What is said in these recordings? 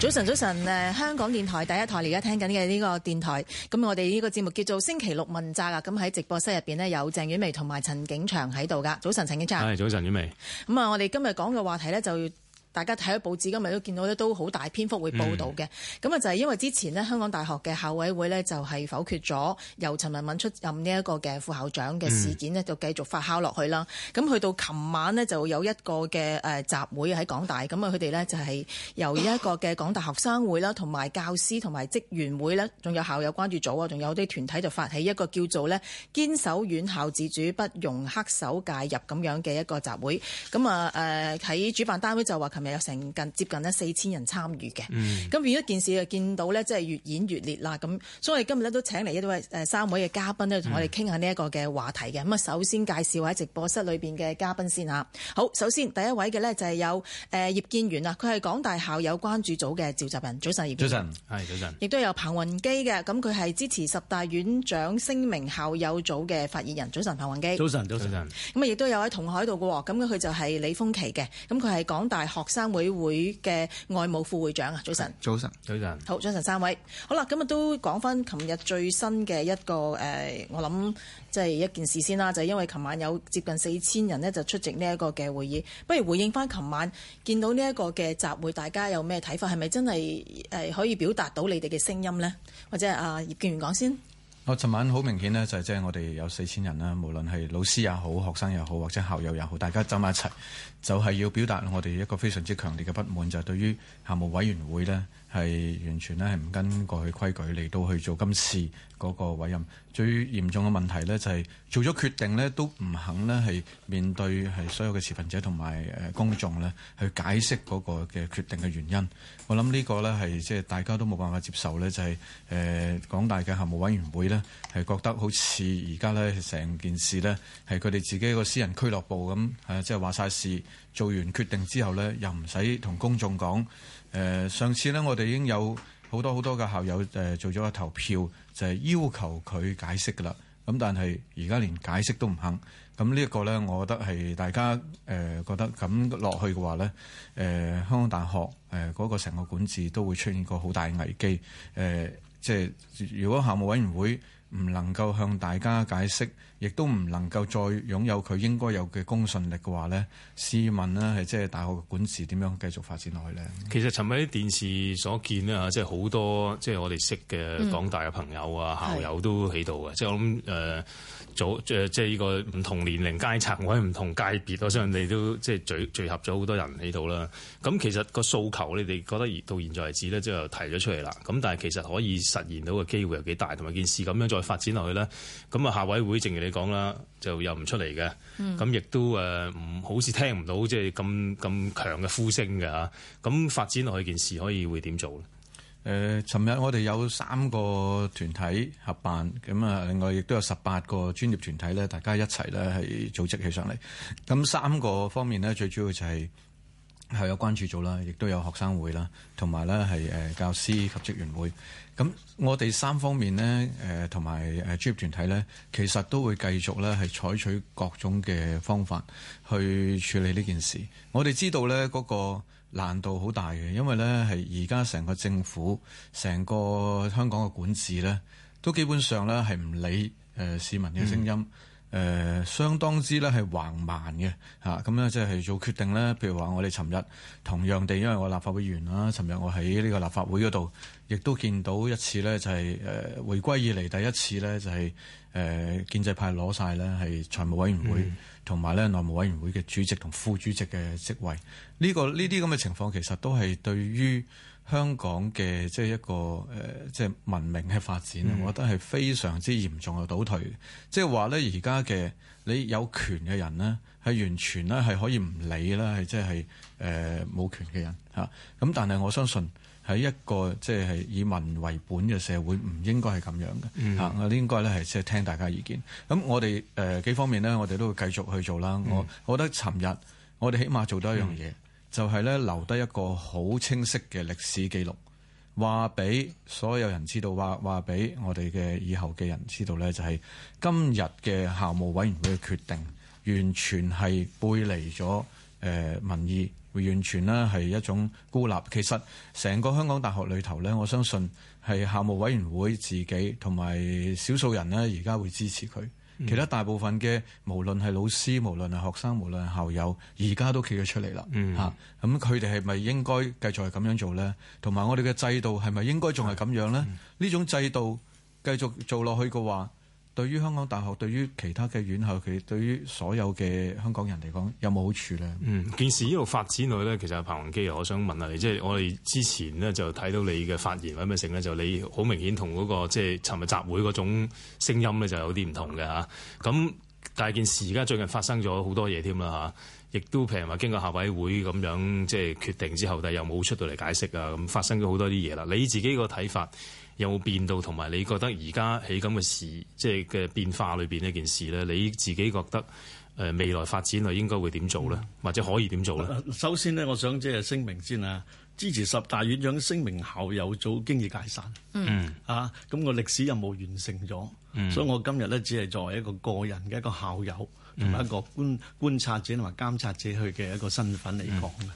早晨，早晨！誒，香港電台第一台而家聽緊嘅呢個電台，咁我哋呢個節目叫做星期六問責啊！咁喺直播室入邊呢，有鄭婉薇同埋陳景祥喺度噶。早晨，陳景祥。係，早晨，婉薇。咁啊，我哋今日講嘅話題呢，就～大家睇咗報紙，今日都見到咧，都好大篇幅會報道嘅。咁、嗯、啊，就係因為之前咧，香港大學嘅校委會咧就係、是、否決咗由陳文敏出任呢一個嘅副校長嘅事件咧，就、嗯、繼續發酵落去啦。咁去到琴晚咧，就有一個嘅誒集會喺港大。咁啊，佢哋咧就係由一個嘅港大學生會啦，同埋教師同埋職員會咧，仲有校友關注組啊，仲有啲團體就發起一個叫做咧堅守院校自主，不容黑手介入咁樣嘅一個集會，咁啊誒喺主辦單位就話琴日。有成近接近四千人參與嘅，咁如果件事就見到咧，即係越演越烈啦。咁所以我哋今日咧都請嚟一位三位嘅嘉賓咧，同我哋傾下呢一個嘅話題嘅。咁、嗯、啊，首先介紹喺直播室裏面嘅嘉賓先嚇。好，首先第一位嘅咧就係有誒葉建源啦，佢係港大校友關注組嘅召集人。早晨，葉建源。早晨，早晨。亦都有彭泓基嘅，咁佢係支持十大院長聲明校友組嘅發言人。早晨，彭泓基。早晨，早晨，晨。咁啊，亦都有喺同海度嘅喎，咁佢就係李峰琦嘅，咁佢係港大學。學生會會嘅外務副會長啊，早晨，早晨，早晨，好，早晨三位，好啦，咁啊都講翻琴日最新嘅一個誒，我諗即係一件事先啦，就係、是、因為琴晚有接近四千人呢就出席呢一個嘅會議，不如回應翻琴晚見到呢一個嘅集會，大家有咩睇法？係咪真係誒可以表達到你哋嘅聲音呢？或者阿、啊、葉建源講先。我昨晚好明顯呢，就係即係我哋有四千人啦，無論係老師也好、學生也好，或者校友也好，大家走埋一齊，就係要表達我哋一個非常之強烈嘅不滿，就係對於校務委員會呢。係完全咧係唔跟過去規矩嚟到去做今次嗰個委任，最嚴重嘅問題呢，就係做咗決定呢，都唔肯呢係面對係所有嘅持份者同埋公眾呢去解釋嗰個嘅決定嘅原因。我諗呢個呢，係即大家都冇辦法接受呢，就係誒港大嘅校務委員會呢，係覺得好似而家呢成件事呢，係佢哋自己個私人俱樂部咁，誒即係話晒事做完決定之後呢，又唔使同公眾講。誒、呃、上次呢，我哋已經有好多好多嘅校友、呃、做咗個投票，就係、是、要求佢解釋㗎啦。咁但係而家連解釋都唔肯，咁呢一個呢，我覺得係大家誒、呃、覺得咁落去嘅話呢，誒、呃、香港大學誒嗰個成個管治都會出現個好大危機。誒、呃、即係如果校務委員會唔能夠向大家解釋。亦都唔能夠再擁有佢應該有嘅公信力嘅話咧，試問咧，係即係大學嘅管治點樣繼續發展落去咧？其實尋日啲電視所見咧，即係好多即係我哋識嘅港大嘅朋友啊、嗯、校友都喺度啊，即係我諗誒。呃左、呃、即係即係呢個唔同年齡階層，或者唔同界別，我相信你都即係聚聚合咗好多人喺度啦。咁其實個訴求，你哋覺得到現在為止咧，即係提咗出嚟啦。咁但係其實可以實現到嘅機會又幾大，同埋件事咁樣再發展落去咧，咁啊校委會正如你講啦，就又唔出嚟嘅。咁、嗯、亦都誒唔、呃、好似聽唔到即係咁咁強嘅呼聲嘅嚇。咁發展落去件事可以會點做咧？誒，尋日我哋有三個團體合辦，咁啊，另外亦都有十八個專業團體咧，大家一齊咧係組織起上嚟。咁三個方面咧，最主要就係、是、係有關注組啦，亦都有學生會啦，同埋咧係教師及職員會。咁我哋三方面呢同埋誒專業團體咧，其實都會繼續咧係採取各種嘅方法去處理呢件事。我哋知道咧、那、嗰個。難度好大嘅，因為呢係而家成個政府、成個香港嘅管治呢，都基本上呢係唔理市民嘅聲音，誒、嗯呃、相當之呢係橫蠻嘅咁呢，即、啊、係做決定呢，譬如話我哋尋日同樣地，因為我立法會議員啦，尋日我喺呢個立法會嗰度，亦都見到一次呢，就係、是、誒、呃、回歸以嚟第一次呢，就係、是、誒、呃、建制派攞晒呢係財務委員會。嗯同埋咧，內務委員會嘅主席同副主席嘅職位，呢個呢啲咁嘅情況其實都係對於香港嘅即係一個誒，即係文明嘅發展、嗯，我覺得係非常之嚴重嘅倒退。即係話咧，而家嘅你有權嘅人呢，係完全咧係可以唔理啦，係即係誒冇權嘅人嚇。咁但係我相信。喺一個即係以民為本嘅社會，唔應該係咁樣嘅嚇，我、嗯、應該咧係即係聽大家意見。咁我哋誒、呃、幾方面呢，我哋都會繼續去做啦、嗯。我覺得尋日我哋起碼做到一樣嘢、嗯，就係、是、咧留低一個好清晰嘅歷史記錄，話俾所有人知道，話話俾我哋嘅以後嘅人知道呢，就係、是、今日嘅校務委員會嘅決定，完全係背離咗誒民意。完全呢，係一種孤立。其實成個香港大學裏頭呢，我相信係校務委員會自己同埋少數人呢，而家會支持佢、嗯。其他大部分嘅，無論係老師，無論係學生、無論係校友，而家都企咗出嚟啦。吓、嗯，咁佢哋係咪應該繼續係咁樣做呢？同埋我哋嘅制度係咪應該仲係咁樣呢？呢、嗯、種制度繼續做落去嘅話。對於香港大學，對於其他嘅院校，佢對於所有嘅香港人嚟講，有冇好處咧？嗯，這件事依度發展落咧，其實彭泓基，我想問下你，即係我哋之前咧就睇到你嘅發言或者咩成咧，就你好明顯同嗰個即係尋日集會嗰種聲音咧就有啲唔同嘅嚇。咁但係件事而家最近發生咗好多嘢添啦嚇，亦都譬如話經過校委會咁樣即係決定之後，但又冇出到嚟解釋啊咁，發生咗好多啲嘢啦。你自己個睇法？有冇變到？同埋你覺得而家起咁嘅事，即係嘅變化裏邊呢件事咧，你自己覺得誒未來發展係應該會點做咧、嗯，或者可以點做咧？首先咧，我想即係聲明先啊，支持十大院長聲明校友組經已解散，嗯啊，咁、那個歷史任務完成咗、嗯，所以我今日咧只係作為一個個人嘅一個校友同埋一個觀觀察者同埋監察者去嘅一個身份嚟講嘅。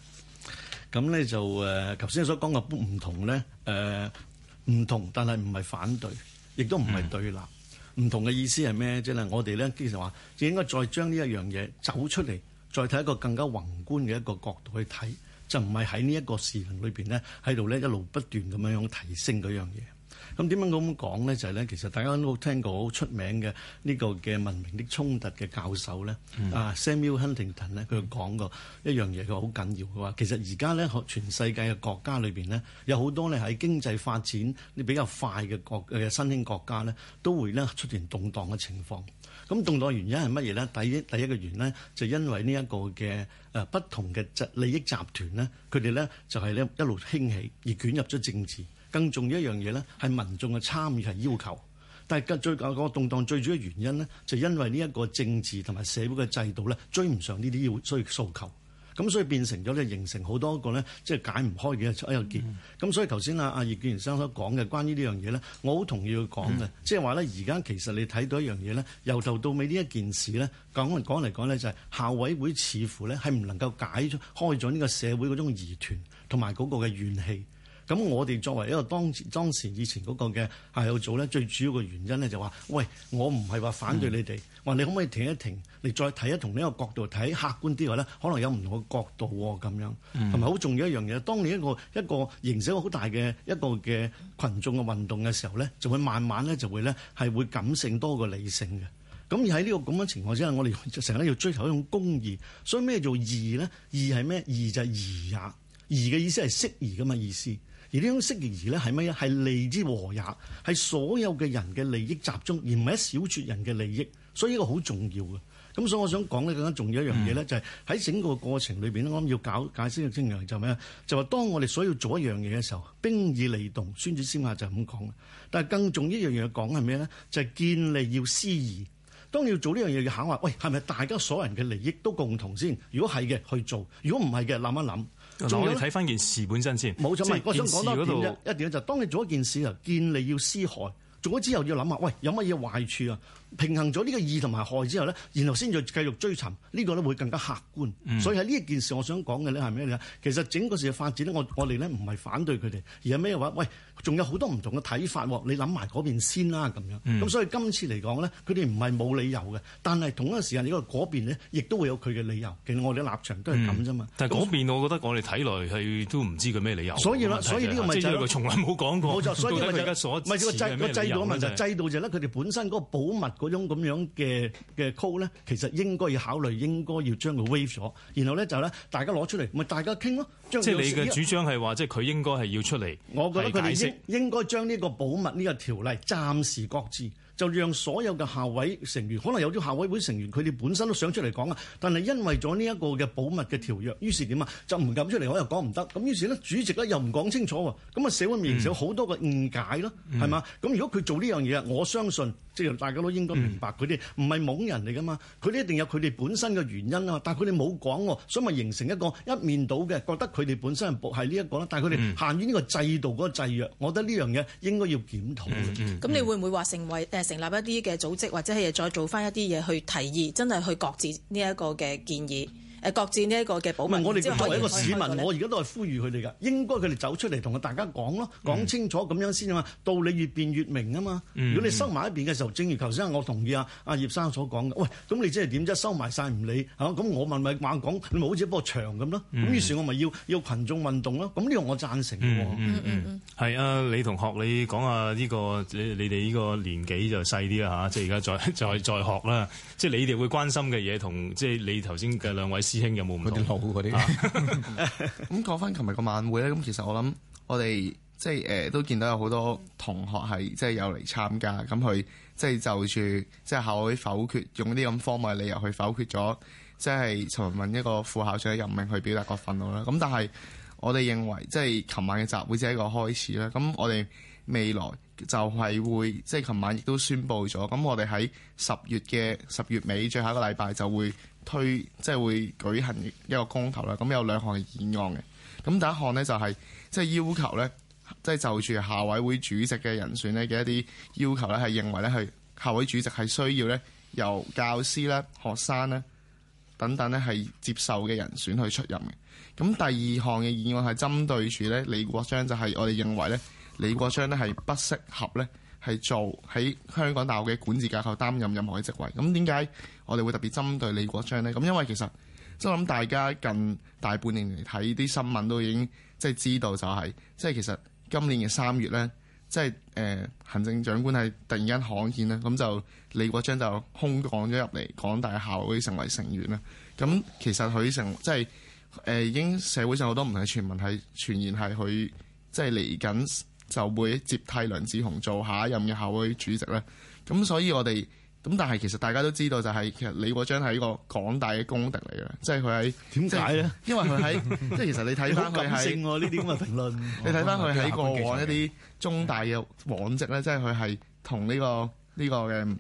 咁、嗯、咧、嗯、就誒，頭、呃、先所講嘅唔同咧、呃唔同，但係唔係反對，亦都唔係對立。嗯。唔同嘅意思係咩？即係我哋咧，經常話應該再將呢一樣嘢走出嚟，再睇一個更加宏觀嘅一個角度去睇，就唔係喺呢一個視頻裏邊咧喺度咧一路不斷咁樣樣提升嗰樣嘢。咁點樣我咁講咧？就係咧，其實大家都聽過好出名嘅呢個嘅文明的衝突嘅教授咧，啊 Samuel Huntington 咧，佢講過一樣嘢，佢好緊要嘅話，其實而家咧，全世界嘅國家裏邊咧，有好多咧喺經濟發展啲比較快嘅國嘅新興國家咧，都會咧出現動盪嘅情況。咁動盪原因係乜嘢咧？第一第一個原因咧，就因為呢一個嘅誒不同嘅集利益集團咧，佢哋咧就係咧一路興起而捲入咗政治。更重要一樣嘢咧，係民眾嘅參與係要求，但係最個個動盪最主要原因咧，就因為呢一個政治同埋社會嘅制度咧，追唔上呢啲要需要訴求，咁所以變成咗咧，形成好多個咧，即係解唔開嘅一個結。咁所以頭先啊啊葉建源先生所講嘅關於呢樣嘢咧，我好同意佢講嘅，即係話咧，而家其實你睇到一樣嘢咧，由頭到尾呢一件事咧，講嚟講嚟講咧，就係校委會似乎咧係唔能夠解開咗呢個社會嗰種疑團同埋嗰個嘅怨氣。咁我哋作為一個當時當時以前嗰個嘅校友組咧，最主要嘅原因咧就話：喂，我唔係話反對你哋，話、嗯、你可唔可以停一停，你再睇一，同呢個角度睇，客觀啲話咧，可能有唔同嘅角度喎，咁樣，同埋好重要一樣嘢。當你一個一個，一個形成好大嘅一個嘅群眾嘅運動嘅時候咧，就會慢慢咧就會咧係會感性多過理性嘅。咁而喺呢個咁嘅情況之下，我哋成日要追求一種公義。所以咩叫義咧？義係咩？義就義也、啊，義嘅意思係適宜咁嘅意思。而呢種適宜咧係咩咧？係利之和也，係所有嘅人嘅利益集中，而唔係一小撮人嘅利益。所以呢個好重要嘅。咁所以我想講咧更加重要一樣嘢咧，就係、是、喺整個過程裏邊我諗要搞解釋嘅精就係咩咧？就話、是、當我哋所要做一樣嘢嘅時候，兵以利動。《孫子先法》就係咁講。但係更重要一樣嘢講係咩咧？就係、是、見利要思義。當你要做呢樣嘢要考慮，喂，係咪大家所有人嘅利益都共同先？如果係嘅去做，如果唔係嘅諗一諗。我哋睇翻件事本身先。冇錯，唔係，事我想講多一點啫。一點就係，當你做一件事啊，見你要思害，做咗之後要諗下，喂，有乜嘢壞處啊？平衡咗呢個益同埋害之後咧，然後先再繼續追尋呢、呢個咧會更加客觀。嗯、所以喺呢一件事，我想講嘅咧係咩咧？其實整個事嘅發展咧，我我哋咧唔係反對佢哋，而係咩話？喂，仲有好多唔同嘅睇法喎。你諗埋嗰邊先啦，咁樣。咁、嗯、所以今次嚟講咧，佢哋唔係冇理由嘅，但係同一個時間呢個嗰邊咧，亦都會有佢嘅理由。其實我哋立場都係咁啫嘛。但係嗰邊我覺得我哋睇來係都唔知佢咩理由。所以啦，所以呢個咪就係從來冇講過。所以個制個制度嘅問題、就係，制度就係咧佢哋本身嗰個保密。嗰種咁樣嘅嘅 call 咧，其實應該要考慮，應該要將佢 waive 咗，然後咧就咧、是、大家攞出嚟，咪大家傾咯。即係你嘅主張係話，即係佢應該係要出嚟。我覺得佢哋應應該將呢個保密呢個條例暫時擱置，就讓所有嘅校委成員，可能有啲校委會成員佢哋本身都想出嚟講啊，但係因為咗呢一個嘅保密嘅條約，於是點啊，就唔敢出嚟，我又講唔得咁，於是咧主席咧又唔講清楚喎，咁啊社會面前有好多個誤解咯，係、嗯、嘛？咁如果佢做呢樣嘢，我相信。即係大家都應該明白佢哋唔係懵人嚟㗎嘛，佢哋一定有佢哋本身嘅原因啊，但係佢哋冇講，所以咪形成一個一面倒嘅，覺得佢哋本身係呢一個啦。但係佢哋限於呢個制度嗰個制約，我覺得呢樣嘢應該要檢討嘅。咁、嗯嗯嗯、你會唔會話成為誒成立一啲嘅組織，或者係再做返一啲嘢去提議，真係去擱置呢一個嘅建議？誒國佔呢一個嘅保密，唔、嗯、係我哋作為一個市民，嗯、我而家都係呼籲佢哋㗎，應該佢哋走出嚟同大家講咯，講、嗯、清楚咁樣先啊嘛，道理越辯越明啊嘛、嗯嗯。如果你收埋一邊嘅時候，正如頭先我同意啊啊葉生所講嘅，喂，咁你即係點啫？收埋晒唔理嚇，咁我問咪話講，你咪好似一波牆咁咯。咁、嗯、於是我，我咪要要羣眾運動咯。咁呢個我贊成嘅喎。係、嗯嗯嗯嗯、啊，李同學，你講下呢、呢個你哋呢個年紀就細啲啊吓，即係而家再再再學啦，即係你哋會關心嘅嘢，同即係你頭先嘅兩位。師兄有冇唔啲老嗰啲，咁講翻琴日個晚會咧，咁其實我諗我哋即係都見到有好多同學係即係有嚟參加，咁佢即係就住即係校委否決，用啲咁荒謬嘅理由去否決咗，即係陳文敏一個副校長嘅任命去表達個憤怒啦。咁但係我哋認為即係琴晚嘅集會只係一個開始啦。咁我哋未來就係會即係琴晚亦都宣布咗，咁我哋喺十月嘅十月尾最後一個禮拜就會。推即係、就是、會舉行一個公投啦，咁有兩項議案嘅。咁第一項呢，就係即係要求呢，即係就住、是、校委會主席嘅人選呢嘅一啲要求呢，係認為呢，係校委主席係需要呢，由教師啦、學生啦等等呢，係接受嘅人選去出任嘅。咁第二項嘅議案係針對住呢李國章，就係、是、我哋認為呢，李國章呢，係不適合呢。係做喺香港大學嘅管治架構擔任任何嘅職位，咁點解我哋會特別針對李國章呢？咁因為其實即係我諗大家近大半年嚟睇啲新聞都已經即係知道就係、是，即、就、係、是、其實今年嘅三月呢，即、就、係、是呃、行政長官係突然間罕見啦，咁就李國章就空降咗入嚟，港大校委會成為成員啦。咁其實佢成即係、就是呃、已經社會上好多唔同嘅傳聞係傳言係佢即係嚟緊，就是就會接替梁志雄做下一任嘅校會主席咧，咁所以我哋咁，但係其實大家都知道就係、是、其實李國章係一個港大嘅公敵嚟嘅，即係佢喺點解咧？為因為佢喺 即係其實你睇翻佢喺，正呢啲咁嘅評論你睇翻佢喺過往一啲中大嘅往績咧，即係佢係同呢個呢、這個嘅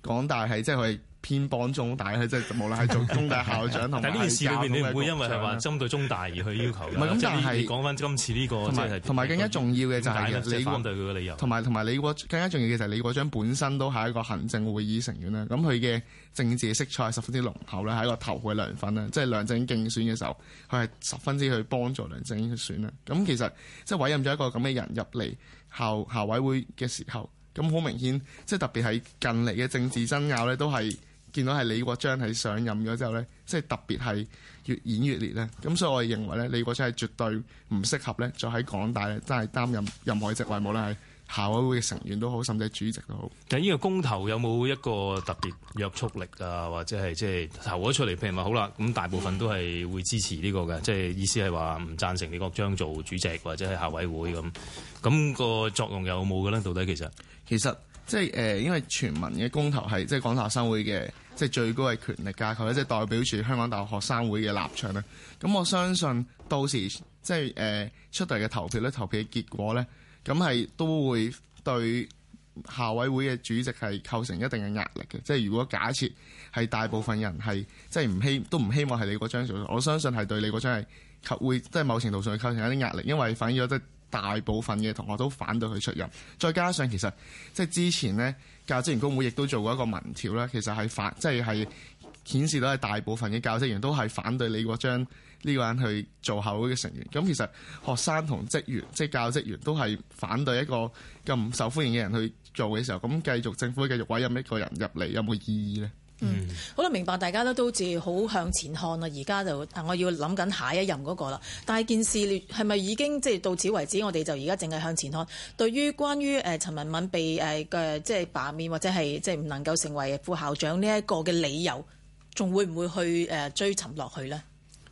港大係即係佢。就是偏幫中大，佢即係無論係做中大校長同埋呢件事入面，你唔會因為係話針對中大而去要求嘅。唔係咁，就係講翻今次呢個，同埋更加重要嘅就係你個，同埋同埋你更加重要嘅就係、是、李國章本身都係一個行政會議成員啦。咁佢嘅政治色彩是十分之濃厚咧，喺一個頭嘅、就是、梁粉咧，即係梁振英競選嘅時候，佢係十分之去幫助梁振英去選啦。咁其實即係、就是、委任咗一個咁嘅人入嚟校校委會嘅時候，咁好明顯，即、就、係、是、特別喺近嚟嘅政治爭拗咧，都係。見到係李國章喺上任咗之後咧，即係特別係越演越烈咧。咁所以我認為咧，李國章係絕對唔適合咧，再喺港大真係擔任任何職位，無論係校委會嘅成員都好，甚至係主席都好。但呢個公投有冇一個特別約束力啊？或者係即係投咗出嚟，譬如話好啦，咁大部分都係會支持呢、這個嘅，即係意思係話唔贊成李國章做主席或者係校委會咁。咁、那個作用有冇嘅咧？到底有有，其實其實即係因為全民嘅公投係即係港大學生會嘅。即係最高嘅權力架構咧，即係代表住香港大學學生會嘅立場咧。咁我相信到時即係誒、呃、出嚟嘅投票咧，投票嘅結果咧，咁係都會對校委會嘅主席係構成一定嘅壓力嘅。即係如果假設係大部分人係即係唔希都唔希望係你嗰張做，我相信係對你嗰張係構會即係某程度上構成一啲壓力，因為反映咗得。大部分嘅同學都反對佢出任，再加上其實即係之前呢教職員工會亦都做過一個民調啦，其實係反，即係係顯示到係大部分嘅教職員都係反對李國章呢個人去做校會嘅成員。咁其實學生同職員即係教職員都係反對一個咁唔受歡迎嘅人去做嘅時候，咁繼續政府繼續委任一個人入嚟，有冇意義呢？嗯，好啦，明白，大家都都自好向前看啦。而家就，我要諗緊下一任嗰個啦。但係件事係咪已經即係、就是、到此為止，我哋就而家淨係向前看。對於關於誒、呃、陳文敏被嘅、呃、即係罷免或者係即係唔能夠成為副校長呢一個嘅理由，仲會唔會去、呃、追尋落去呢？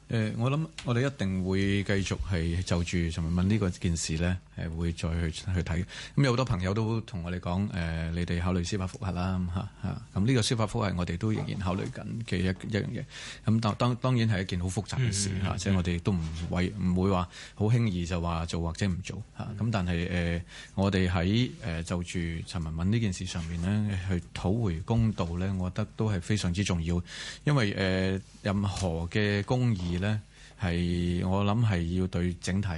呃、我諗我哋一定會繼續係就住陳文敏呢個件事呢。係會再去去睇，咁有好多朋友都同我哋講，誒、呃，你哋考慮司法復核啦，咁、啊、呢、啊啊呢個司法復核我哋都仍然考慮緊嘅一一樣嘢，咁、啊、當當然係一件好複雜嘅事嚇，即、啊就係、我哋都唔為唔會話好輕易就話做或者唔做咁、啊、但係誒、呃，我哋喺誒就住陳文敏呢件事上面咧去討回公道咧，我覺得都係非常之重要，因為誒、呃、任何嘅公義咧係我諗係要對整體。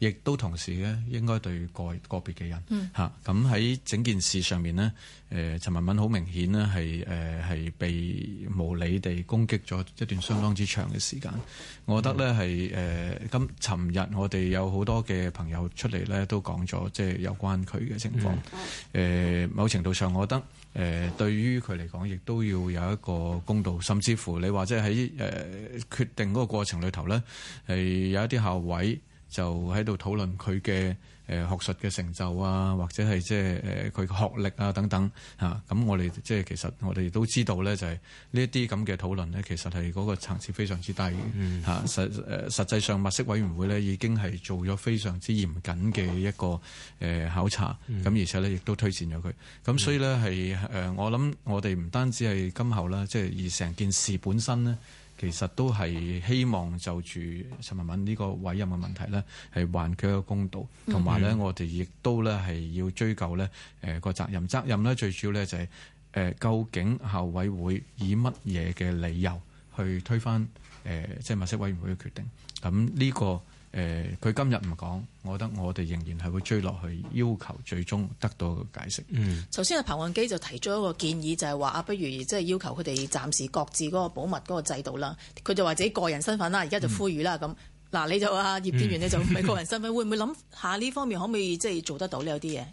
亦都同時咧，應該對個個別嘅人，咁喺、嗯啊、整件事上面呢誒陳文敏好明顯呢係誒係被無理地攻擊咗一段相當之長嘅時間、啊。我覺得咧係誒今尋日我哋有好多嘅朋友出嚟咧都講咗即係有關佢嘅情況誒、嗯呃。某程度上，我覺得誒、呃、對於佢嚟講，亦、呃、都要有一個公道，甚至乎你話即係喺誒決定嗰個過程裏頭咧係、呃、有一啲校委。就喺度討論佢嘅誒學術嘅成就啊，或者係即係誒佢學歷啊等等咁、啊、我哋即係其實我哋都知道咧，就係呢一啲咁嘅討論咧，其實係嗰個層次非常之低嚇、啊呃。實實際上物色委員會咧已經係做咗非常之嚴謹嘅一個誒、呃、考察，咁、啊、而且咧亦都推薦咗佢。咁所以咧係誒我諗我哋唔單止係今後啦，即係而成件事本身咧。其實都係希望就住陳文敏呢個委任嘅問題咧，係還佢一個公道，同埋咧我哋亦都咧係要追究咧誒個責任。責任咧最主要咧就係誒究竟校委會以乜嘢嘅理由去推翻誒即係物色委員會嘅決定？咁呢個。嗯誒、呃，佢今日唔講，我覺得我哋仍然係會追落去，要求最終得到個解釋。嗯，頭先阿彭泓基就提咗一個建議，就係話啊，不如即係要求佢哋暫時各自嗰個保密嗰個制度啦。佢就話自己個人身份啦，而家就呼籲啦。咁、嗯、嗱，你就啊葉建源你就唔係個人身份，嗯、 會唔會諗下呢方面可唔可以即係做得到呢？有啲嘢。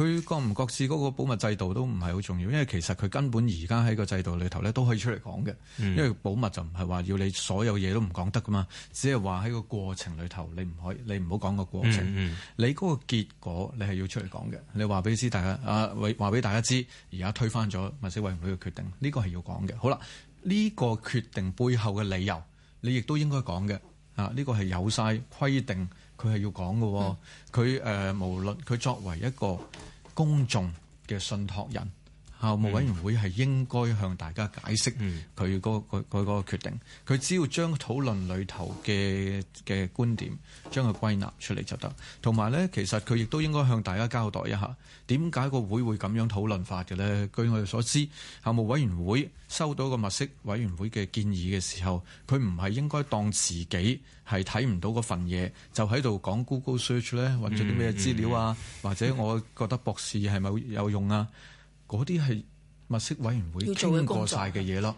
佢覺唔覺事嗰個保密制度都唔係好重要，因為其實佢根本而家喺個制度裏頭咧都可以出嚟講嘅，因為保密就唔係話要你所有嘢都唔講得噶嘛，只係話喺個過程裏頭你唔可以，你唔好講個過程，嗯嗯、你嗰個結果你係要出嚟講嘅。你話俾知大家啊，話俾大家知，而家推翻咗物色委員會嘅決定，呢、這個係要講嘅。好啦，呢、這個決定背後嘅理由，你亦都應該講嘅啊。呢、這個係有晒規定，佢係要講嘅。佢誒、呃、無論佢作為一個。公眾嘅信託人。校務委員會係應該向大家解釋佢嗰、嗰個佢、嗯、個決定，佢只要將討論裡頭嘅嘅觀點將佢歸納出嚟就得。同埋呢，其實佢亦都應該向大家交代一下點解個會會咁樣討論法嘅咧。據我哋所知，校務委員會收到個物色委員會嘅建議嘅時候，佢唔係應該當自己係睇唔到嗰份嘢，就喺度講 Google search 呢，或者啲咩資料啊、嗯嗯，或者我覺得博士係咪有用啊？嗰啲係物色委員會經過晒嘅嘢咯，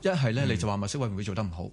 一係咧你就話物色委員會做得唔好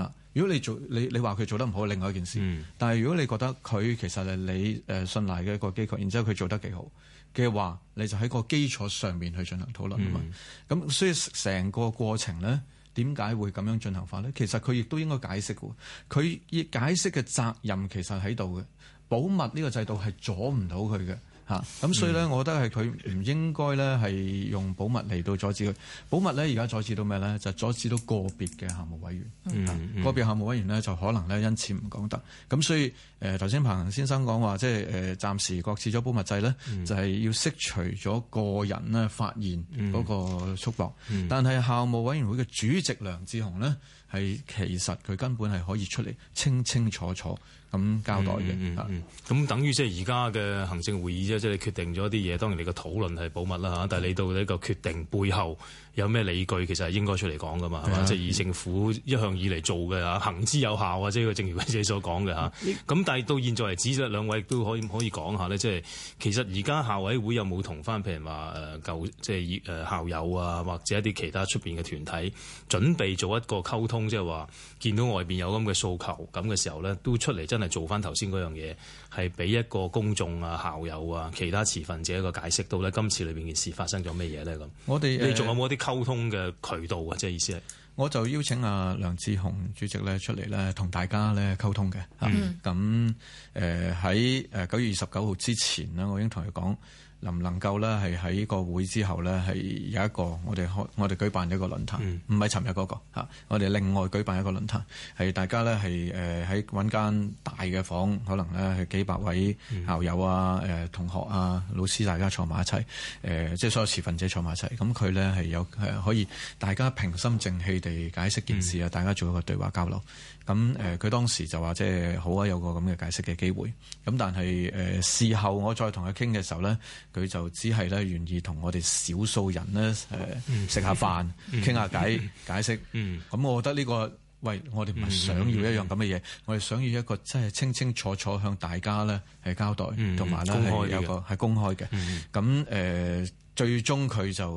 啊！嗯、如果你做你你話佢做得唔好，另外一件事。嗯、但係如果你覺得佢其實係你信賴嘅一個機構，然之後佢做得幾好嘅話，你就喺個基礎上面去進行討論啊嘛。咁、嗯嗯、所以成個過程咧，點解會咁樣進行法咧？其實佢亦都應該解釋喎。佢要解釋嘅責任其實喺度嘅。保密呢個制度係阻唔到佢嘅。嚇、啊！咁所以咧，我覺得係佢唔應該咧，係用保密嚟到阻止佢。保密咧，而家阻止到咩咧？就係、是、阻止到個別嘅校務委員、嗯啊。個別校務委員咧，就可能咧因此唔講得。咁所以誒，頭、呃、先彭先生講話，即係誒、呃、暫時擱置咗保密制咧、嗯，就係、是、要剔除咗個人咧發現嗰個束縛。嗯嗯、但係校務委員會嘅主席梁志雄咧，係其實佢根本係可以出嚟清清楚楚。咁交代嘅，咁、嗯嗯嗯、等於即係而家嘅行政會議啫，即、就、係、是、你決定咗一啲嘢。當然你個討論係保密啦吓，但係你到呢個決定背後有咩理據其實係應該出嚟講噶嘛，即、嗯、係、嗯就是、以政府一向以嚟做嘅嚇，行之有效啊，即係個正如婉薇姐所講嘅吓，咁、嗯、但係到現在為止係兩位亦都可以可以講下咧，即、就、係、是、其實而家校委會有冇同翻譬如話誒舊即係誒校友啊，或者一啲其他出邊嘅團體準備做一個溝通，即係話見到外邊有咁嘅訴求咁嘅時候咧，都出嚟真。嚟做翻頭先嗰樣嘢，係俾一個公眾啊、校友啊、其他持份者一個解釋到咧，今次裏邊件事發生咗咩嘢咧？咁我哋你仲有冇啲溝通嘅渠道啊？即係意思係，我就邀請阿梁志雄主席咧出嚟咧同大家咧溝通嘅。咁誒喺誒九月二十九號之前咧，我已經同佢講。能唔能夠咧？係喺個會之後咧，係有一個我哋開我哋舉辦一個論壇，唔係尋日嗰個嚇，我哋另外舉辦一個論壇，係大家咧係誒喺搵間大嘅房，可能咧係幾百位校友啊、誒同學啊、老師，大家坐埋一齊誒，即係所有持份者坐埋一齊。咁佢咧係有誒可以大家平心靜氣地解釋件事啊，大家做一個對話交流。咁佢、呃、當時就話即係好啊，有個咁嘅解釋嘅機會。咁但係、呃、事後我再同佢傾嘅時候咧，佢就只係咧願意同我哋少數人咧食、呃嗯、下飯傾、嗯、下偈解、嗯、解釋。咁、嗯、我覺得呢、呢個喂，我哋唔係想要一樣咁嘅嘢，我哋想要一個真係清清楚楚向大家咧係交代，同埋咧係有個係公開嘅。咁誒。嗯嗯最終佢就誒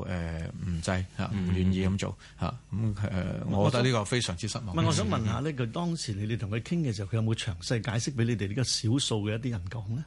唔制嚇，唔願意咁做嚇咁誒我覺得呢個非常之失望、嗯嗯嗯。我想問下呢佢當時你哋同佢傾嘅時候，佢有冇詳細解釋俾你哋呢個少數嘅一啲人講呢？誒、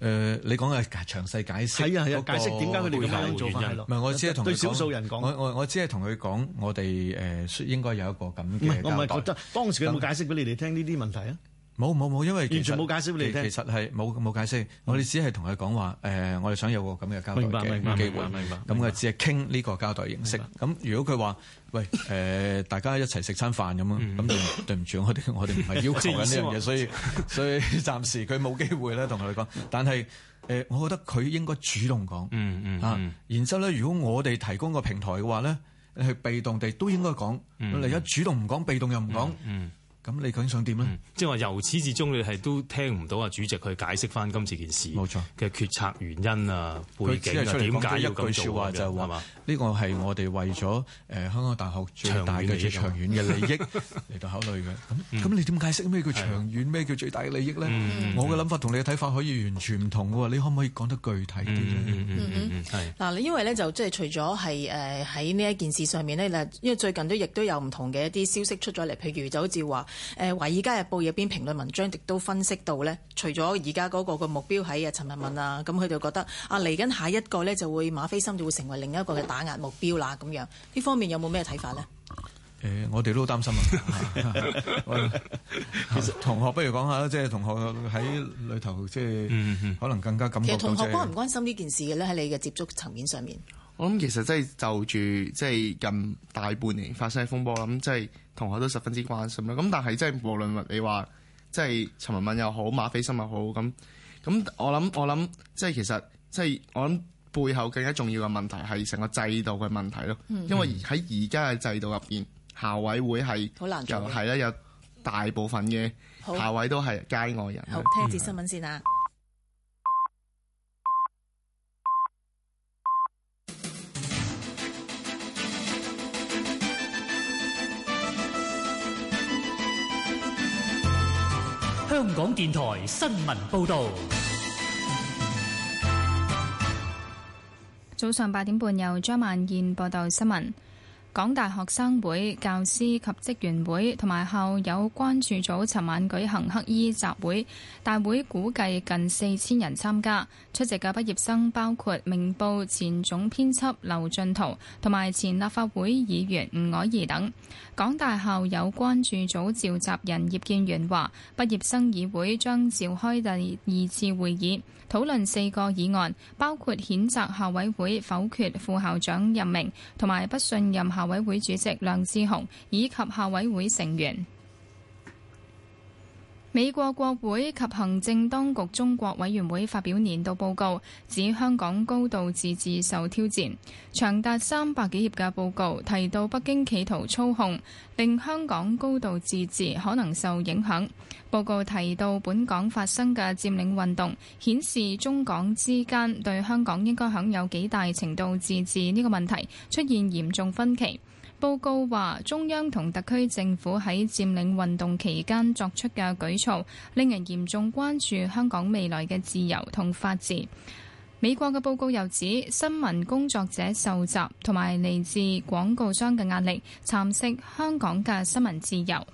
呃，你講嘅詳細解釋係啊係啊，解釋點解佢哋會咁樣做法我只係同對,對少數人講。我我我只係同佢講，我哋誒應該有一個咁嘅。我唔係覺得當時佢有冇解釋俾你哋聽呢啲問題啊。冇冇冇，因為完全冇解釋俾你聽。其實係冇冇解釋，我哋只係同佢講話。誒，我哋、呃、想有個咁嘅交代嘅機會。明白明白明白。咁只係傾呢個交代形式。咁如果佢話，喂，呃、 大家一齊食餐飯咁樣咁對，對唔住，我哋我哋唔係要求緊呢樣嘢，所以所以，所以暫時佢冇機會咧同佢講。但係、呃、我覺得佢應該主動講。嗯嗯、啊、嗯。然之後咧，如果我哋提供個平台嘅話咧，係被動地都應該講。嚟、嗯、你而家主動唔講，被動又唔講。嗯。嗯咁你究竟想點咧？即係話由始至終，你係都聽唔到啊，主席去解釋翻今次件事嘅決策原因啊、背景啊、點解，一句說話就話呢個係我哋為咗、嗯、香港大學最大嘅、最長遠嘅利益嚟、嗯、 到考慮嘅。咁咁、嗯、你點解釋咩叫長遠？咩叫最大嘅利益咧、嗯？我嘅諗法同你嘅睇法可以完全唔同嘅喎。你可唔可以講得具體啲？嗯嗯嗱，你、嗯嗯、因為咧就即係除咗係喺呢一件事上面咧，因為最近都亦都有唔同嘅一啲消息出咗嚟，譬如就好似話。誒、呃《華爾街日報》入邊評論文章，亦都分析到咧，除咗而家嗰個目標喺啊陳文敏啊，咁佢就覺得啊嚟緊下，下一個咧就會馬斐森就會成為另一個嘅打壓目標啦，咁樣呢方面有冇咩睇法咧、呃？我哋都好擔心 啊！啊啊 啊啊 同學，不如講下即係同學喺裏頭，即、就、係、是嗯嗯、可能更加感動、就是。其實同學關唔關心呢件事嘅咧？喺你嘅接觸層面上面。我諗其實真係就住即係近大半年發生嘅風波，我諗即係同學都十分之關心啦。咁但係即係無論你話即係陳文敏又好馬斐森又好咁，咁我諗我諗即係其實即係我諗背後更加重要嘅問題係成個制度嘅問題咯、嗯。因為喺而家嘅制度入邊，校委會係又係咧有大部分嘅校委都係街外人。好，好聽一節新聞先啊。嗯香港電台新聞報導，早上八點半由張曼燕報道新聞。港大學生會教師及職員會同埋校友關注組尋晚舉行黑衣集會，大會估計近四千人參加。出席嘅畢業生包括明報前總編輯劉進圖同埋前立法會議員吳靄儀等。港大校友關注組召集人葉建源話畢業生議會將召開第二次會議討論四個議案，包括譴責校委會否決副校長任命同埋不信任校委會主席梁志雄以及校委會成員。美國國會及行政當局中國委員會發表年度報告，指香港高度自治受挑戰。長達三百幾頁嘅報告提到，北京企圖操控，令香港高度自治可能受影響。報告提到，本港發生嘅佔領運動顯示中港之間對香港應該享有幾大程度自治呢個問題出現嚴重分歧。報告話，中央同特區政府喺佔領運動期間作出嘅舉措，令人嚴重關注香港未來嘅自由同法治。美國嘅報告又指，新聞工作者受襲同埋嚟自廣告商嘅壓力，蠶食香港嘅新聞自由。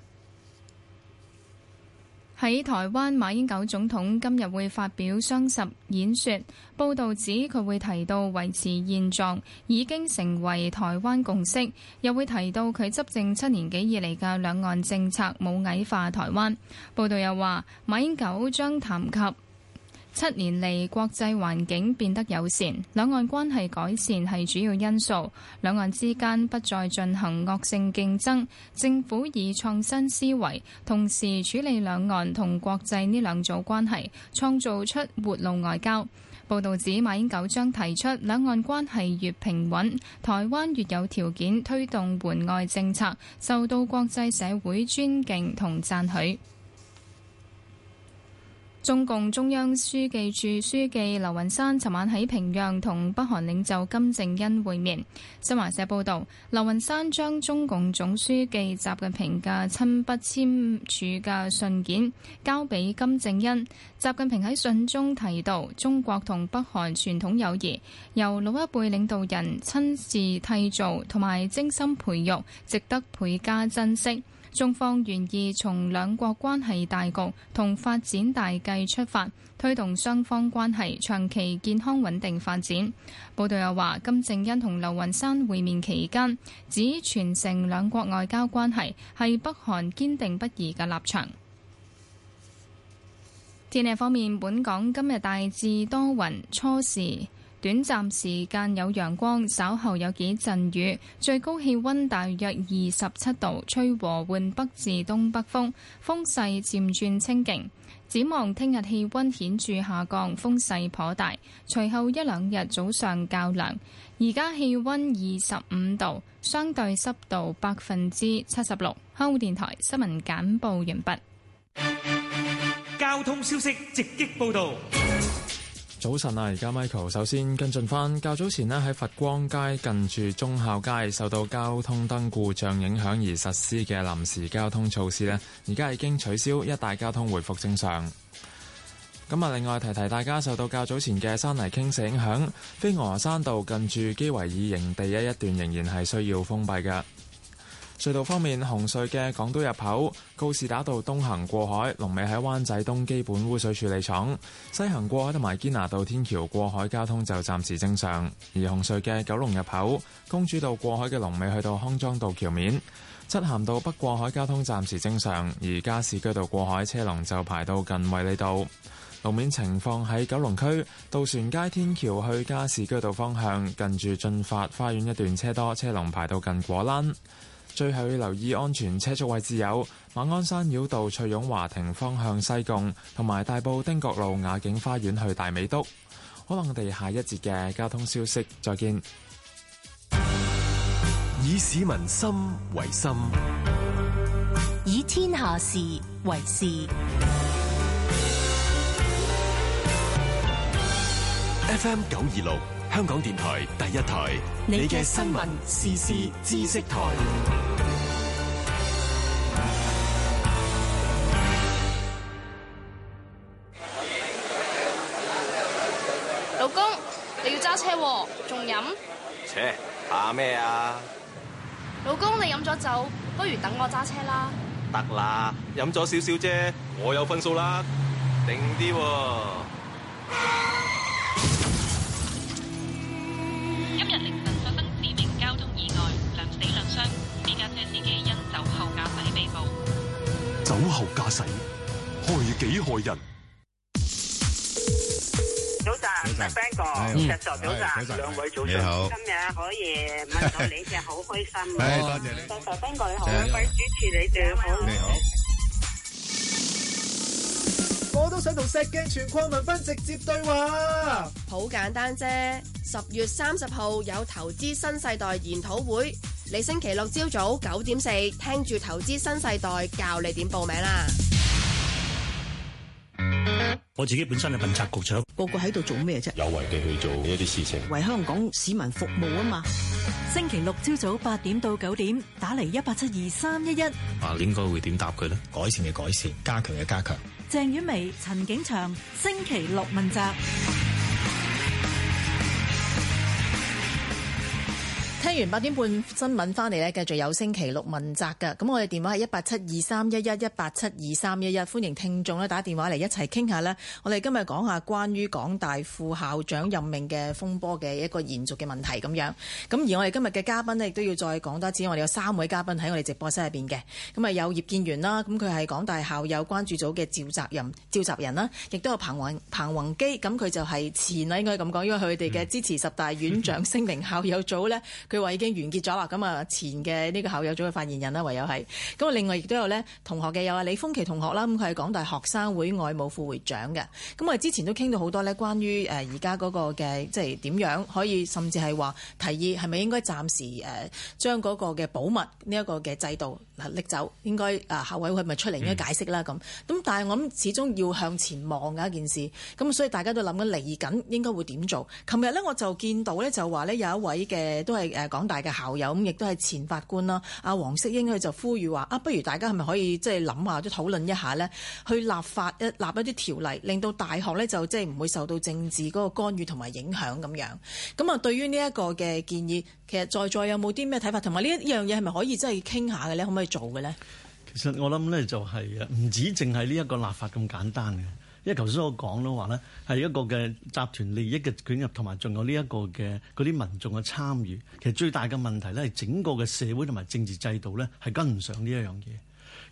喺台灣，馬英九總統今日會發表雙十演說。報導指佢會提到維持現狀已經成為台灣共識，又會提到佢執政七年幾以嚟嘅兩岸政策冇矮化台灣。報導又話，馬英九將談及。七年嚟，國際環境變得友善，兩岸關係改善係主要因素。兩岸之間不再進行惡性競爭，政府以創新思維，同時處理兩岸同國際呢兩組關係，創造出活路外交。報導指，馬英九將提出，兩岸關係越平穩，台灣越有條件推動援外政策，受到國際社會尊敬同讚許。中共中央書記處書記劉雲山尋晚喺平壤同北韓領袖金正恩會面。新華社報道，劉雲山將中共總書記習近平嘅親筆簽署嘅信件交俾金正恩。習近平喺信中提到，中國同北韓傳統友誼由老一輩領導人親自締造同埋精心培育，值得倍加珍惜。中方願意從兩國關係大局同發展大計出發，推動雙方關係長期健康穩定發展。報道又話，金正恩同劉雲山會面期間，指傳承兩國外交關係係北韓堅定不移嘅立場。天氣方面，本港今日大致多雲，初時，短暫時間有陽光，稍後有幾陣雨，最高氣温大約二十七度，吹和緩北至東北風，風勢漸轉清勁。展望聽日氣温顯著下降，風勢頗大。隨後一兩日早上較涼，而家氣温二十五度，相對濕度百分之七十六。香港電台新聞簡報完畢。交通消息直擊報道。早晨啊！而家 Michael 首先跟進翻較早前呢，喺佛光街近住忠孝街受到交通燈故障影響而實施嘅臨時交通措施咧，而家已經取消，一大交通回復正常。咁啊，另外提提大家，受到較早前嘅山泥傾瀉影響，飛鵝山道近住基維爾營地一一段仍然係需要封閉嘅。隧道方面，紅隧嘅港島入口告士打道東行過海，龍尾喺灣仔東基本污水處理廠；西行過海同埋堅拿道天橋過海交通就暫時正常。而紅隧嘅九龍入口公主道過海嘅龍尾去到康莊道橋面，漆咸道北過海交通暫時正常。而加士居道過海車龍就排到近衛理道路面情況喺九龍區渡船街天橋去加士居道方向近住進發花園一段車多，車龍排到近果欄。最後要留意安全車速位置，有馬鞍山繞道翠擁華庭方向西貢，同埋大埔丁角路雅景花園去大美督。可能我哋下一節嘅交通消息，再見。以市民心為心，以天下事為事。F M 九二六。香港電台第一台，你嘅新聞時事知識台。老公，你要揸車喎，仲飲？切，怕咩啊？老公，你飲咗酒，不如等我揸車啦。得啦，飲咗少少啫，我有分數啦，定啲喎。酒後駕駛害己害人。早晨，石斌哥，石卓，早晨，兩位主持，你好。今日可以問到你哋，好開心啊！多謝你，斌哥，你好。兩位主持，你哋好。你好。我都想同石記全礦文分直接對話。好簡單啫，十月三十號有投資新世代研討會。你星期六朝早九點四聽住《投資新世代》，教你點報名啦！我自己本身係文策局長，個個喺度做咩啫？有為地去做一啲事情，為香港市民服務啊嘛！星期六朝早八點到九點，打嚟一八七二三一一。啊，應該會點答佢咧？改善嘅改善，加強嘅加強。鄭婉薇、陳景祥，星期六問責。聽完八點半新聞翻嚟呢，繼續有星期六問責噶。咁我哋電話係一八七二三一一一八七二三一一，歡迎聽眾咧打電話嚟一齊傾下呢，我哋今日講下關於港大副校長任命嘅風波嘅一個延續嘅問題咁樣。咁而我哋今日嘅嘉賓呢，亦都要再講多啲。我哋有三位嘉賓喺我哋直播室入邊嘅。咁啊有葉建源啦，咁佢係港大校友關注組嘅召集任召集人啦，亦都有彭泓彭泓基，咁佢就係前啦應該咁講，因為佢哋嘅支持十大院長聲明校友組呢。佢話已經完結咗啦，咁啊前嘅呢個校友組嘅發言人啦，唯有係咁啊。另外亦都有咧同學嘅，有啊李峰琦同學啦，咁佢係港大學生會外務副會長嘅。咁我哋之前都傾到好多咧，關於誒而家嗰個嘅即係點樣可以，甚至係話提議係咪應該暫時誒將嗰個嘅保密呢一個嘅制度嗱拎走，應該啊校委會係咪出嚟應該解釋啦咁。咁、嗯、但係我諗始終要向前望嘅一件事，咁所以大家都諗緊嚟緊應該會點做。琴日咧我就見到咧就話咧有一位嘅都係誒港大嘅校友咁，亦都係前法官啦。阿黃適英佢就呼籲話：啊，不如大家係咪可以即係諗下，都討論一下呢？去立法一立一啲條例，令到大學呢就即係唔會受到政治嗰個干預同埋影響咁樣。咁啊，對於呢一個嘅建議，其實在座有冇啲咩睇法？同埋呢一樣嘢係咪可以真係傾下嘅呢？可唔可以做嘅呢？其實我諗呢就係、啊、唔止淨係呢一個立法咁簡單嘅。因為頭先我講咯，話咧係一個嘅集團利益嘅捲入，同埋仲有呢一個嘅嗰啲民眾嘅參與，其實最大嘅問題咧係整個嘅社會同埋政治制度咧係跟唔上呢一樣嘢。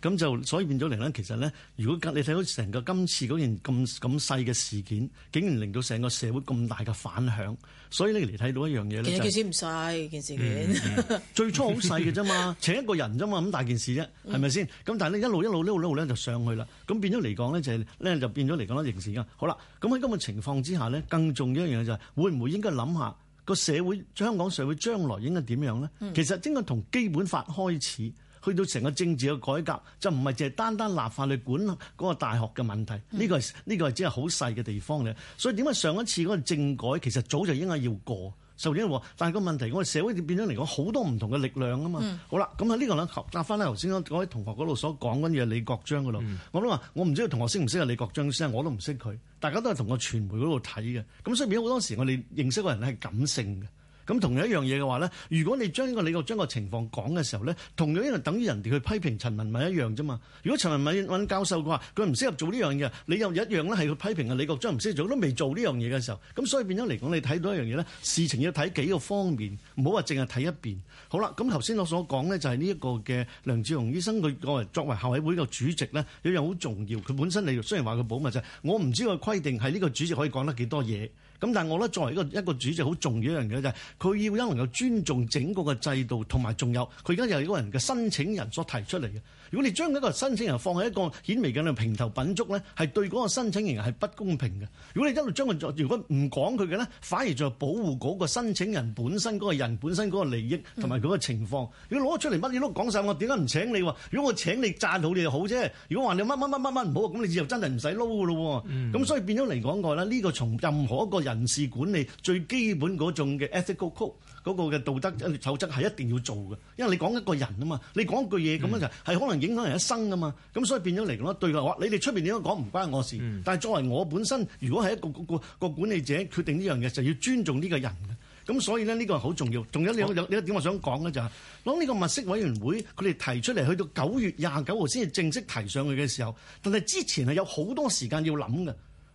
咁就所以變咗嚟咧，其實咧，如果你睇到成個今次嗰件咁咁細嘅事件，竟然令到成個社會咁大嘅反響，所以你嚟睇到一樣嘢咧，其實件事唔細，件事件、嗯嗯、 最初好細嘅啫嘛， 請一個人啫嘛，咁大件事啫，係咪先？咁但係咧一路一路呢度呢度咧就上去啦，咁變咗嚟講咧就係、是、咧就變咗嚟講呢刑事噶。好啦，咁喺咁嘅情況之下咧，更重要一樣嘢就係會唔會應該諗下個社會香港社會將來應該點樣咧、嗯？其實應該同基本法開始。去到成個政治嘅改革，就唔係淨係單單立法去管嗰個大學嘅問題，呢、嗯呢個係呢、呢個係只係好細嘅地方嚟。所以點解上一次嗰個政改其實早就應該要過，受緊，但係個問題，我哋社會變咗嚟講，好多唔同嘅力量啊嘛。好啦、呢個，咁喺呢個咧，合答翻咧頭先嗰位同學嗰度所講緊嘅嘢，李國章嗰度、嗯，我都話我唔知道同學識唔識阿李國章先生，我都唔識佢，大家都係同個傳媒嗰度睇嘅。咁所以變咗好多時我哋認識個人係感性嘅。咁同樣一樣嘢嘅話咧，如果你將呢個李國章個情況講嘅時候咧，同樣一樣等於人哋去批評陳文敏一樣啫嘛。如果陳文敏問教授嘅話佢唔適合做呢樣嘢，你又一樣咧係去批評啊李國章唔適合做，都未做呢樣嘢嘅時候，咁所以變咗嚟講，你睇到一樣嘢咧，事情要睇幾個方面，唔好話淨係睇一邊。好啦，咁頭先我所講咧就係呢一個嘅梁智鴻醫生佢作為作為校委會個主席咧，有樣好重要。佢本身你雖然話佢保密就係，我唔知佢規定係呢個主席可以講得幾多嘢。咁但係我覺得作為一個一個主席，好重要一樣嘢就係佢要一能夠尊重整個嘅制度，同埋仲有佢而家又有一個人嘅申請人所提出嚟嘅。如果你將一個申請人放喺一個顯微鏡嘅評頭品足咧，係對嗰個申請人係不公平嘅。如果你一路將佢如果唔講佢嘅咧，反而就保護嗰個申請人本身嗰、嗰個人本身嗰個利益同埋嗰個情況。嗯、如果攞出嚟乜嘢都講晒，我點解唔請你？如果我請你讚好你就好啫。如果話你乜乜乜乜乜唔好，咁你之後真係唔使撈嘅咯。咁、嗯、所以變咗嚟講，我咧呢個從任何一個人事管理最基本嗰種嘅 ethical code。嗰、嗰個嘅道德、質素係一定要做嘅，因為你講一個人啊嘛，你講句嘢咁樣就係、嗯、可能影響人一生啊嘛，咁所以變咗嚟咯。對我，你哋出面應該講唔關我事，嗯、但係作為我本身，如果係一,一,一個管理者決定呢樣嘢，就要尊重呢個人嘅。咁所以咧，呢、呢個係好重要。仲有另一點我想講咧、就是，就係當呢個物色委員會，佢哋提出嚟，去到九月廿九號先至正式提上去嘅時候，但係之前係有好多時間要諗嘅。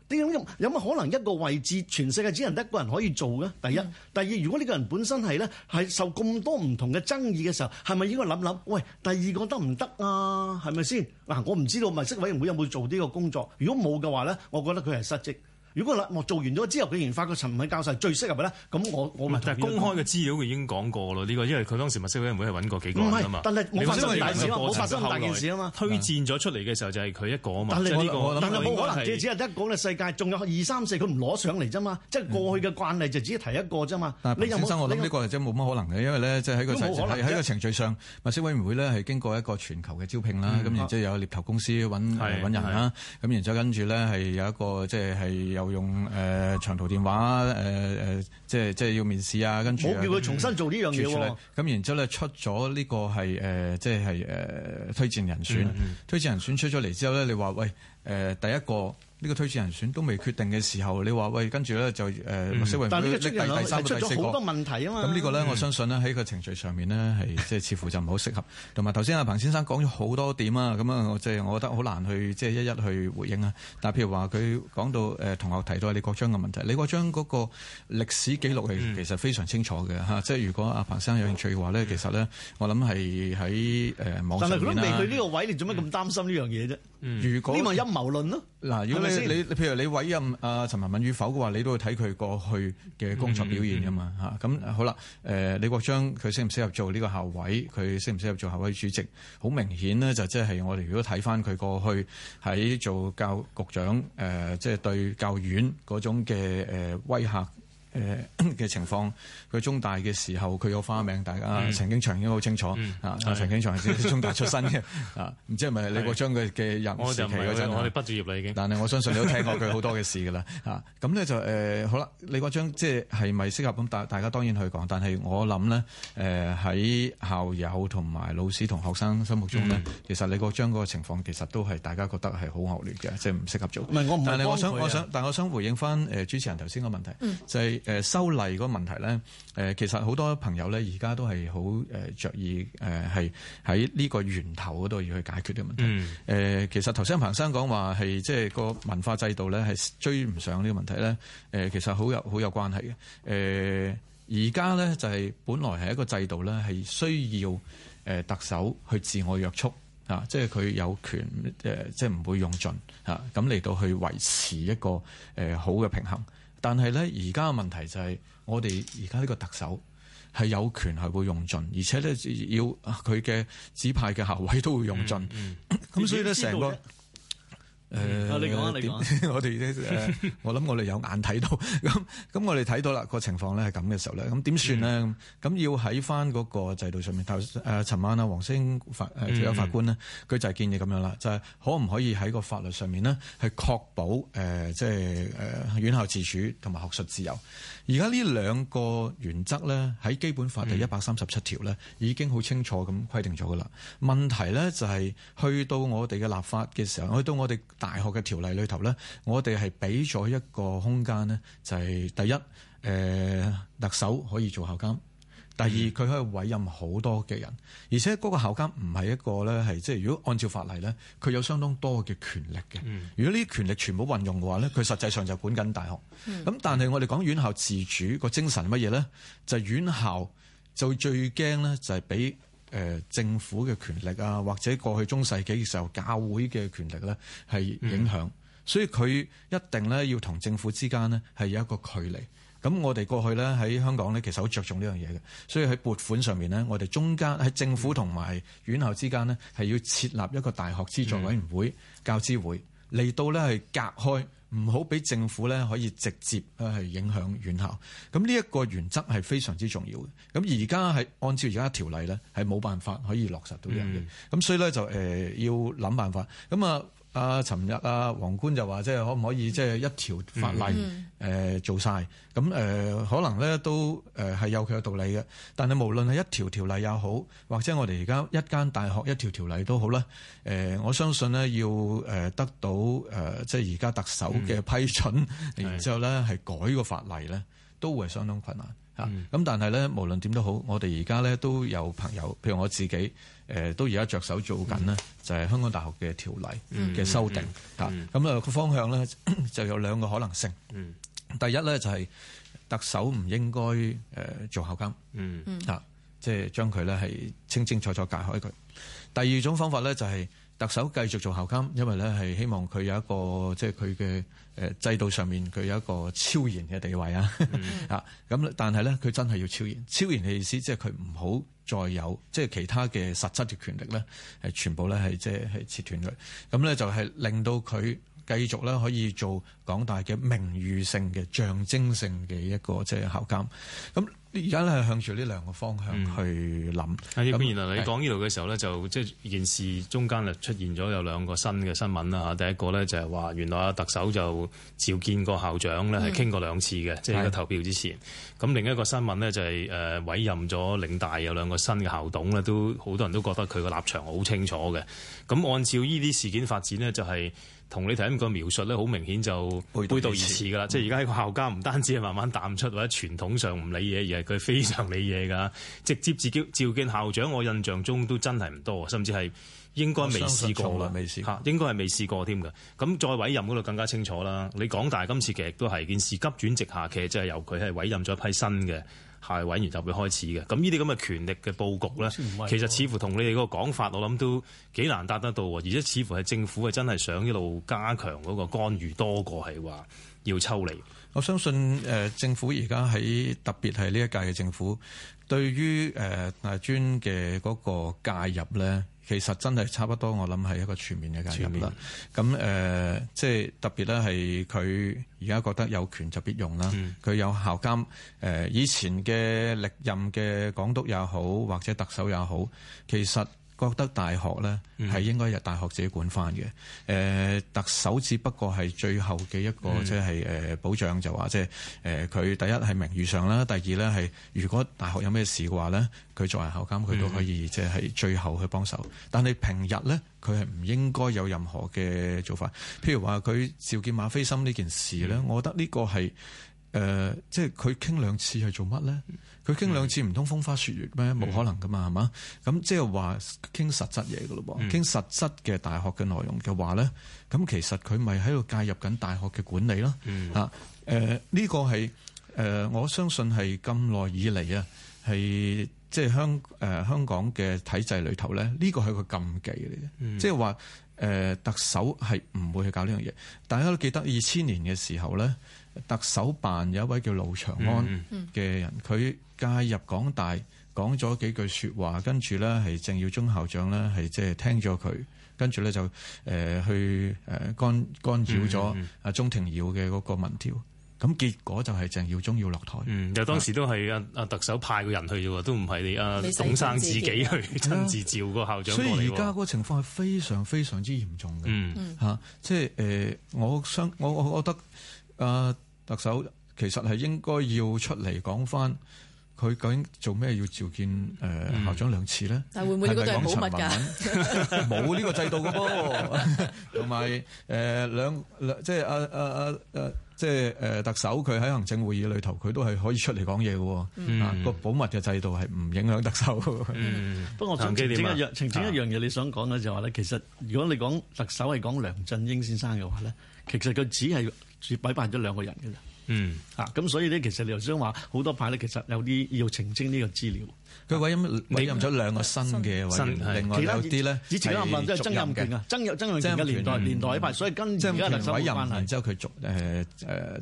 啲咁有有乜可能一個位置全世界只能得一個人可以做嘅？第一，嗯、第二，如果呢個人本身係咧係受咁多唔同嘅爭議嘅時候，係咪應該諗諗？喂，第二個得唔得啊？係咪先？嗱，我唔知道物色委員會有冇做呢個工作。如果冇嘅話咧，我覺得佢係失職。如果我做完咗之後，竟然發覺陳敏教授最適合咧，咁我我咪。但係公開嘅資料佢已經講過咯，呢個因為佢當時物色委員會係揾過幾個唔係，但係冇發生大件事啊嘛。推薦咗出嚟嘅時候就係佢一個啊嘛。但係呢個，但係冇、就是這個、可能只係得一個世界仲有二三四，佢唔攞上嚟啫嘛。即係過去嘅慣例就只係提一個啫嘛。但係彭先生，你有我諗呢個真係冇乜可能嘅，因為呢，即係喺個喺個程序上，物色委員會呢係經過一個全球嘅招聘啦，咁、嗯、然之後有獵頭公司揾人啦，咁然之後跟住呢，係有一個即係、就是、有。用誒、呃、長途電話誒誒、呃呃、即係即係要面試啊，跟住我叫佢重新做這、嗯嗯、呢樣嘢咁然之後咧，出咗呢個係誒、呃、即係誒、呃、推薦人選，嗯嗯、推薦人選出咗嚟之後咧，你話喂誒、呃、第一個。呢、這個推薦人選都未決定嘅時候，你話喂，跟住咧就誒麥守雲佢拎第三、第四個。但係呢個推出咗好多問題啊嘛。咁呢個咧、嗯，我相信呢喺個程序上面呢，係即係似乎就唔係好適合。同埋頭先阿彭先生講咗好多點啊，咁啊我即係我覺得好難去即係一一去回應啊。但係譬如話佢講到誒、呃、同學提到李國章嘅問題，李國章嗰個歷史記錄係其實非常清楚嘅嚇、嗯啊。即係如果阿彭先生有興趣嘅話咧，其實咧我諗係喺誒網上。但係佢都未去呢個位，你做乜咁擔心呢樣嘢啫？如果呢個陰謀論咯。嗱，因為即你，譬如你委任阿陳文敏與否嘅話，你都會睇佢過去嘅工作表現噶嘛嚇。咁好啦，誒李國章佢適唔適合做呢個校委？佢適唔適合做校委主席？好明顯咧，就即係我哋如果睇翻佢過去喺做教局長，誒即係對教院嗰種嘅誒威嚇。誒、呃、嘅情況，佢中大嘅時候佢有花名，大家陳景、嗯啊、祥已經好清楚、嗯、啊。陳景祥係中大出身嘅啊，唔知係咪李國章嘅嘅時期嗰陣？我哋畢咗業啦已經。但係我相信你都聽過佢、 啊呃、好多嘅事噶啦。吓咁咧就誒好啦，李國章即係係咪適合咁？大大家當然去講，但係我諗咧誒喺校友同埋老師同學生心目中咧、嗯，其實李國章嗰個情況其實都係大家覺得係好惡劣嘅，即係唔適合做。唔、嗯、係我唔、啊，但係我想我想，但我想回應翻誒主持人頭先個問題，嗯、就係、是。誒修例嗰個問題咧，誒其實好多朋友咧而家都係好誒著意誒係喺呢個源頭嗰度要去解決嘅問題。誒、嗯、其實頭先彭生講話係即係個文化制度咧係追唔上呢個問題咧，誒其實好有好有關係嘅。誒而家咧就係本來係一個制度咧係需要誒特首去自我約束啊，即係佢有權誒即係唔會用盡嚇，咁嚟到去維持一個誒好嘅平衡。但係咧，而家嘅問題就係，我哋而家呢個特首係有權係會用盡，而且咧要佢嘅指派嘅校委都會用盡，咁、嗯嗯、 所以咧成個。誒、呃，啊、你你 我哋我諗我哋有眼睇到，咁 咁 我哋睇到啦個情況咧係咁嘅時候咧，咁點算呢？咁、嗯、要喺翻嗰個制度上面，頭誒，尋、呃、晚啊，黃星法誒退休法官呢，佢就建議咁樣啦，就係、是、可唔可以喺個法律上面呢，係確保誒，即係誒，院校自主同埋學術自由。而家呢兩個原則咧，喺基本法第一百三十七條咧、嗯，已經好清楚咁規定咗噶啦。問題咧就係、是、去到我哋嘅立法嘅時候，去到我哋。大學嘅條例裏頭咧，我哋係俾咗一個空間咧，就係、是、第一，誒、呃、特首可以做校監；第二，佢可以委任好多嘅人、嗯，而且嗰個校監唔係一個咧，係即係如果按照法例咧，佢有相當多嘅權力嘅、嗯。如果呢啲權力全部運用嘅話咧，佢實際上就管緊大學。咁、嗯、但係我哋講院校自主個精神係乜嘢咧？就係院校就最驚咧，就係俾。誒、呃、政府嘅權力啊，或者過去中世紀嘅時候教會嘅權力呢係影響，嗯、所以佢一定呢要同政府之間呢係有一個距離。咁我哋過去呢喺香港呢其實好着重呢樣嘢嘅，所以喺撥款上面呢，我哋中間喺政府同埋院校之間呢係要設立一個大學資助委員會、教資會嚟、嗯、到呢係隔開。唔好俾政府咧可以直接係影響院校。咁呢一個原則係非常之重要嘅。咁而家係按照而家條例咧，係冇辦法可以落實到樣嘅。咁、嗯嗯、所以咧就誒、呃、要諗辦法。咁啊。啊！尋日啊，黃冠就話即係可唔可以即係、就是、一條法例誒、嗯呃、做晒？咁、呃、誒？可能咧都誒係有佢嘅道理嘅。但係無論係一條條例又好，或者我哋而家一間大學一條條例都好啦。誒、呃，我相信咧要誒得到誒、呃、即係而家特首嘅批准，嗯、然之後咧係改個法例咧。都會相當困難嚇，咁、嗯、但係咧，無論點都好，我哋而家咧都有朋友，譬如我自己，誒、呃、都而家着手做緊呢、嗯、就係、是、香港大學嘅條例嘅、嗯、修訂嚇，咁、嗯嗯、啊個方向咧 就有兩個可能性，嗯、第一咧就係、是、特首唔應該誒、呃、做校監，嗯啊，即係將佢咧係清清楚楚解開佢，第二種方法咧就係、是。特首繼續做校監，因為咧係希望佢有一個即係佢嘅制度上面佢有一個超然嘅地位啊！咁、嗯、 但係咧佢真係要超然，超然嘅意思即係佢唔好再有即係、就是、其他嘅實質嘅權力咧，全部咧係即係切斷佢，咁咧就係、是、令到佢繼續咧可以做港大嘅名譽性嘅象徵性嘅一個即係校監咁。而家咧係向住呢兩個方向去諗。咁、嗯、原來你講呢度嘅時候咧，就即係、就是、件事中間啊出現咗有兩個新嘅新聞啦嚇。第一個咧就係話原來阿特首就召見過校長咧係傾過兩次嘅，即係喺個投票之前。咁另一個新聞呢，就係誒委任咗領大有兩個新嘅校董咧，都好多人都覺得佢個立場好清楚嘅。咁按照呢啲事件發展呢、就是，就係。同你睇緊個描述咧，好明顯就背道而馳㗎啦！即係而家喺個校監唔單止係慢慢淡出或者傳統上唔理嘢，而係佢非常理嘢㗎、嗯，直接自己召見校長。我印象中都真係唔多，甚至係應該未試過啦，嚇應該係未試過添㗎。咁、啊、再委任嗰度更加清楚啦。你講大今次其實都係件事急轉直下，其實即係由佢係委任咗一批新嘅。係委員就會開始嘅，咁呢啲咁嘅權力嘅佈局咧，其實似乎同你哋個講法，我諗都幾難答得到，而且似乎係政府係真係想一路加強嗰個干預，多過係話要抽離。我相信誒、呃、政府而家喺特別係呢一屆嘅政府，對於誒大專嘅嗰個介入咧。其實真係差不多，我諗係一個全面嘅介入啦。咁誒、呃，即係特別咧，係佢而家覺得有權就必用啦。佢、嗯、有校監誒、呃，以前嘅歷任嘅港督也好，或者特首也好，其實覺得大學咧係應該由大學自己管返嘅，誒、嗯、特、呃、首只不過係最後嘅一個即係誒保障就話即係誒佢第一係名譽上啦，第二咧係如果大學有咩事嘅話咧，佢作為校監佢都可以即係最後去幫手、嗯。但係平日咧佢係唔應該有任何嘅做法。譬如話佢召見馬斐森呢件事咧、嗯，我覺得呢個係誒即係佢傾兩次係做乜咧？嗯佢傾兩次唔通風花雪月咩？冇可能噶嘛，係嘛？咁即係話傾實質嘢嘅咯，傾、嗯、實質嘅大學嘅內容嘅話咧，咁其實佢咪喺度介入緊大學嘅管理咯？嚇、嗯，呢、呃這個係我相信係咁耐以嚟啊，係即係香香港嘅體制裏頭咧，呢、這個係個禁忌嚟嘅、嗯，即係話誒特首係唔會去搞呢樣嘢。大家都記得二千年嘅時候咧，特首辦有一位叫盧長安嘅人，佢、嗯。介入港大講咗幾句説話。跟住咧係鄭耀宗校長咧係即係聽咗佢，跟住咧就誒、呃、去誒干干擾咗阿鍾庭耀嘅嗰個民調。咁、嗯嗯、結果就係鄭耀宗要落台，就、嗯、當時都係阿阿特首派個人去啫，都唔係你阿董生自己去親自召個校長、啊、所以而家嗰個情況係非常非常之嚴重嘅嚇。即係誒，我相我，我覺得阿、啊、特首其實係應該要出嚟講翻。佢究竟做咩要召見誒校長兩次咧、嗯？但會唔會呢個係保密㗎？冇、嗯、呢個制度嘅噃，同埋誒兩即係阿阿阿誒，即係誒、啊啊、特首佢喺行政會議裏頭，佢都係可以出嚟講嘢嘅喎。個保密嘅制度係唔影響特首、嗯嗯。不過我還還，我總結一樣，總結一樣嘢，你想講嘅就話咧，其實如果你講特首係講梁振英先生嘅話咧，其實佢只係只委派咗兩個人嘅啫。嗯，嚇、啊，咁所以咧，其實你頭先話好多派咧，其實有啲要澄清呢個資料。佢委任委任咗兩個新嘅委新新新，另外呢其他啲咧以前嘅任都係曾蔭權啊，曾曾蔭嘅年代、嗯、年代派，所以跟而家委任之後佢續、呃、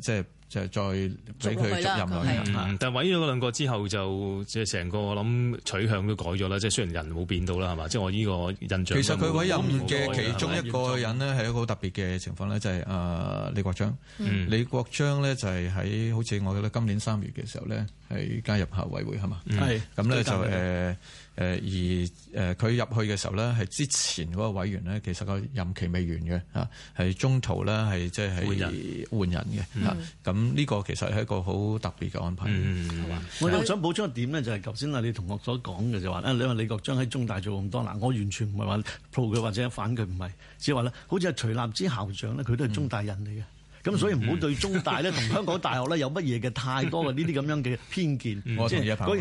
即就係、再俾佢任入去、嗯。但係委咗嗰兩個之後，就即係成個我諗取向都改咗啦。即係雖然人冇變到啦，係嘛？即係我呢個印象。其實佢委任嘅其中一個人呢，係一個好特別嘅情況咧，就係、是、誒、呃、李國章。嗯、李國章咧就係喺好似我記得今年三月嘅時候咧，係加入校委會係嘛？係。咁、嗯、咧就誒。誒而誒佢入去嘅時候咧，係之前嗰個委員咧，其實個任期未完嘅嚇，係中途咧係即係換人換人嘅嚇，咁、嗯、呢個其實係一個好特別嘅安排，係嘛？嗯嗯、我又想補充一點咧，就係頭先啊，你同學所講嘅就話啊，你話李國章喺中大做咁多嗱，我完全唔係話 pro 佢或者反佢，唔係，只係話咧，好似啊徐立之校長咧，佢都係中大人嚟嘅。嗯咁、嗯、所以唔好對中大咧同香港大學咧有乜嘢嘅太多嘅呢啲咁樣嘅偏見，嗯、即係嗰日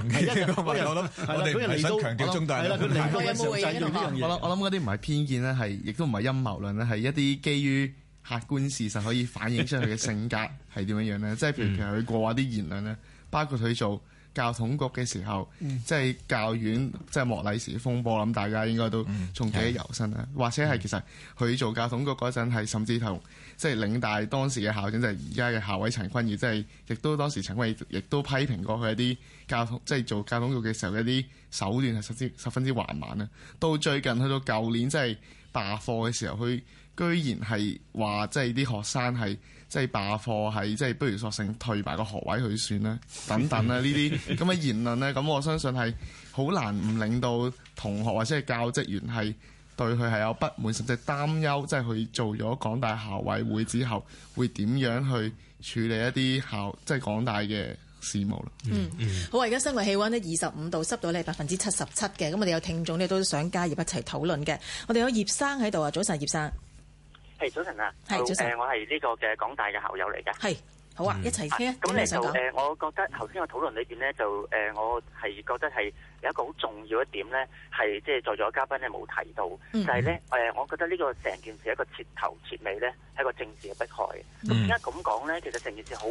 我哋想，想、啊、想強調中大，係啦、啊，佢嚟過嘅。我諗我諗嗰啲唔係偏見咧，係亦都唔係陰謀論咧，係一啲基於客觀事實可以反映出佢嘅性格係點 樣樣咧。即係譬如譬如佢過一啲言論咧，包括佢做教統局嘅時候，即、嗯、係、就是、教院即係、就是、莫禮時風波，我諗大家應該都仲記憶猶新啦、嗯。或者係、嗯、其實佢做教統局嗰陣係，甚至同。即係嶺大當時嘅校長就係而家嘅校委陳坤耀，即係亦都當時陳坤耀亦都批評過佢一啲教，即係做教統局嘅時候嘅一啲手段係十分十分之橫蠻啦。到最近去到舊年即係罷課嘅時候，佢居然係話即係啲學生係即係罷課係即係不如索性退埋個學位去算啦，等等啦呢啲咁嘅言論咧，咁我相信係好難唔令到同學或者係教職員係，對佢係有不滿，甚至擔憂，即係佢做咗港大校委會之後，會點樣去處理一啲校即係港大嘅事務啦？嗯，好啊！而家室外氣温呢，二十五度，濕度咧百分之七十七嘅。咁我哋有聽眾呢，你都想加入一齊討論嘅。我哋有葉生喺度、hey, 啊！Hello, 係早晨，葉生。係早晨啊！係早晨，我係呢個嘅港大嘅校友嚟嘅。係好啊！嗯、一齊傾咁你想就誒，我覺得頭先嘅討論裏邊呢，就誒，我係覺得係。有一個好重要的一點咧，係即係在座嘅嘉賓咧冇提到，就係咧誒，我覺得呢個成件事一個徹頭徹尾咧，係一個政治嘅迫害。咁點解咁講咧，其實成件事好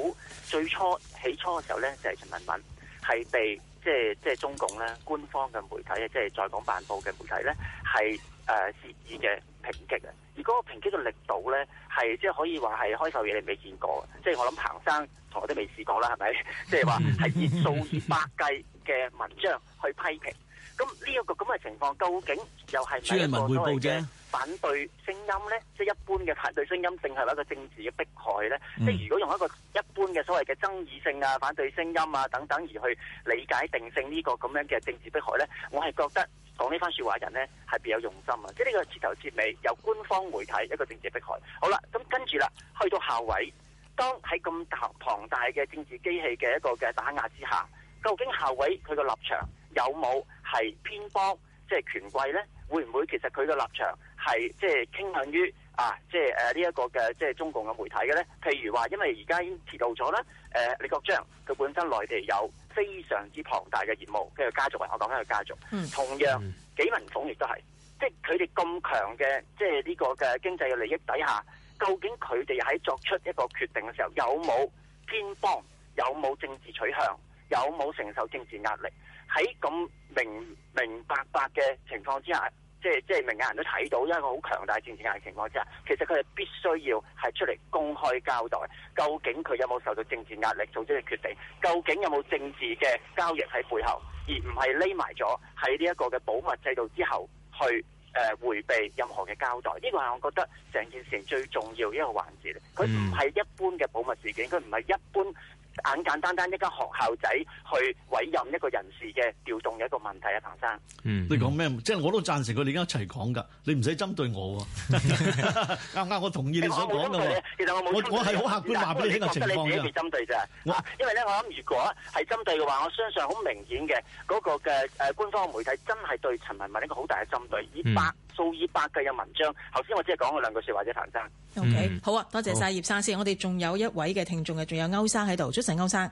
最初起初嘅時候咧，就係陳文敏係被即係即係中共咧官方嘅媒體，即係在港辦報嘅媒體咧係。誒、呃，善意嘅抨擊啊！而嗰個抨擊嘅力度咧，係即係可以話係開秀嘢你未見過即係、就是、我諗彭生同我都未試過啦，係咪？即係話係以數以百計嘅文章去批評，咁呢一個咁嘅情況，究竟又係咪一個嘅反對聲音咧？即、就、係、是、一般嘅反對聲音，定係一個政治嘅迫害咧？即、就、係、是、如果用一個一般嘅所謂嘅爭議性啊、反對聲音啊等等而去理解定性呢個咁樣嘅政治迫害咧，我係覺得。講呢番說話人呢係別有用心啊！即係呢個徹頭徹尾由官方媒體一個政治迫害。好啦，咁跟住啦，去到校委，當喺咁龐大嘅政治機器嘅一個嘅打壓之下，究竟校委佢個立場有冇係偏幫即係權貴呢？會唔會其實佢個立場係即係傾向於啊即係呢一個嘅即係中共嘅媒體嘅呢？譬如話，因為而家已經揭到咗呢，誒李國章佢本身內地有。非常之龐大嘅業務嘅家族啊，我講緊個家族，我家族嗯、同樣紀文鳳亦都係，即係佢哋咁強嘅，即係呢個嘅經濟嘅利益底下，究竟佢哋喺作出一個決定嘅時候，有冇偏幫，有冇政治取向，有冇承受政治壓力？喺咁明明白白嘅情況之下。即係即係，明眼人都睇到，一個好強大政治壓力的情況之下，其實佢係必須要係出嚟公開交代，究竟佢有冇受到政治壓力做出嘅決定，究竟有冇政治嘅交易喺背後，而唔係匿埋咗喺呢一個嘅保密制度之後去誒、呃、迴避任何嘅交代。呢個係我覺得成件事情最重要一個環節。佢唔係一般嘅保密事件，佢唔係一般。簡簡單單一間學校仔去委任一個人事嘅調動嘅一個問題啊，彭生。嗯，你講咩？即係我都贊成佢哋而家一齊講㗎。你唔使針對我喎、啊，啱 啱？ 我同意你所講㗎、欸、我的其實我冇我係好客觀話俾你聽個情況嘅。我因為咧，我諗如果係針對嘅話，我相信好明顯嘅嗰個嘅官方媒體真係對陳文文一個好大嘅針對，嗯數以百計嘅文章，頭先我只係講嗰兩句説話啫，陳生。OK，好啊，多謝晒葉先生先。我哋仲有一位嘅聽眾嘅，仲有歐生喺度。早晨，歐先生。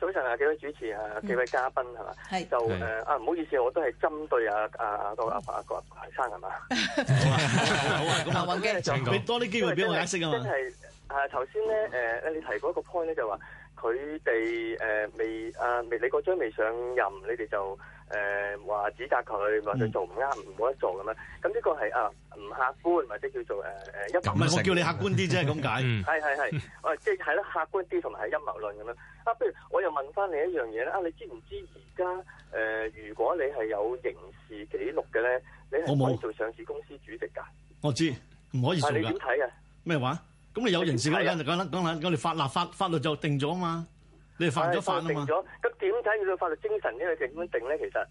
早晨啊，幾位主持啊，幾位嘉賓係嘛、嗯？係就誒啊，唔好意思，我都係針對啊、嗯、啊啊個啊個阿生係嘛？好啊，好，好，好，好啊，咁幸運嘅情況。好多啲機會俾我解釋啊嘛。係啊，頭先咧誒，你提嗰個 point 咧就話。佢哋誒未啊未？你嗰張未上、啊啊、任，你哋就誒話、呃、指責佢，話佢做唔啱，唔好得做咁樣。咁呢個係啊唔客觀，或者叫做、呃、我叫你客觀啲，即係咁解。誒誒陰謀論咁樣是是是是是客觀點。啊，不如我又問翻你一樣嘢啦。啊，你知唔知而家誒，如果你係有刑事記錄嘅咧，你可唔可以做上市公司主席㗎？我知唔可以做嘅。但你點睇呀？咩話？咁你有刑事啦，梗係梗啦，梗啦，我哋法立法法律就定咗啊嘛，你犯咗法啊嘛，定咗，咁點睇要個法律精神呢？佢點樣定咧？其實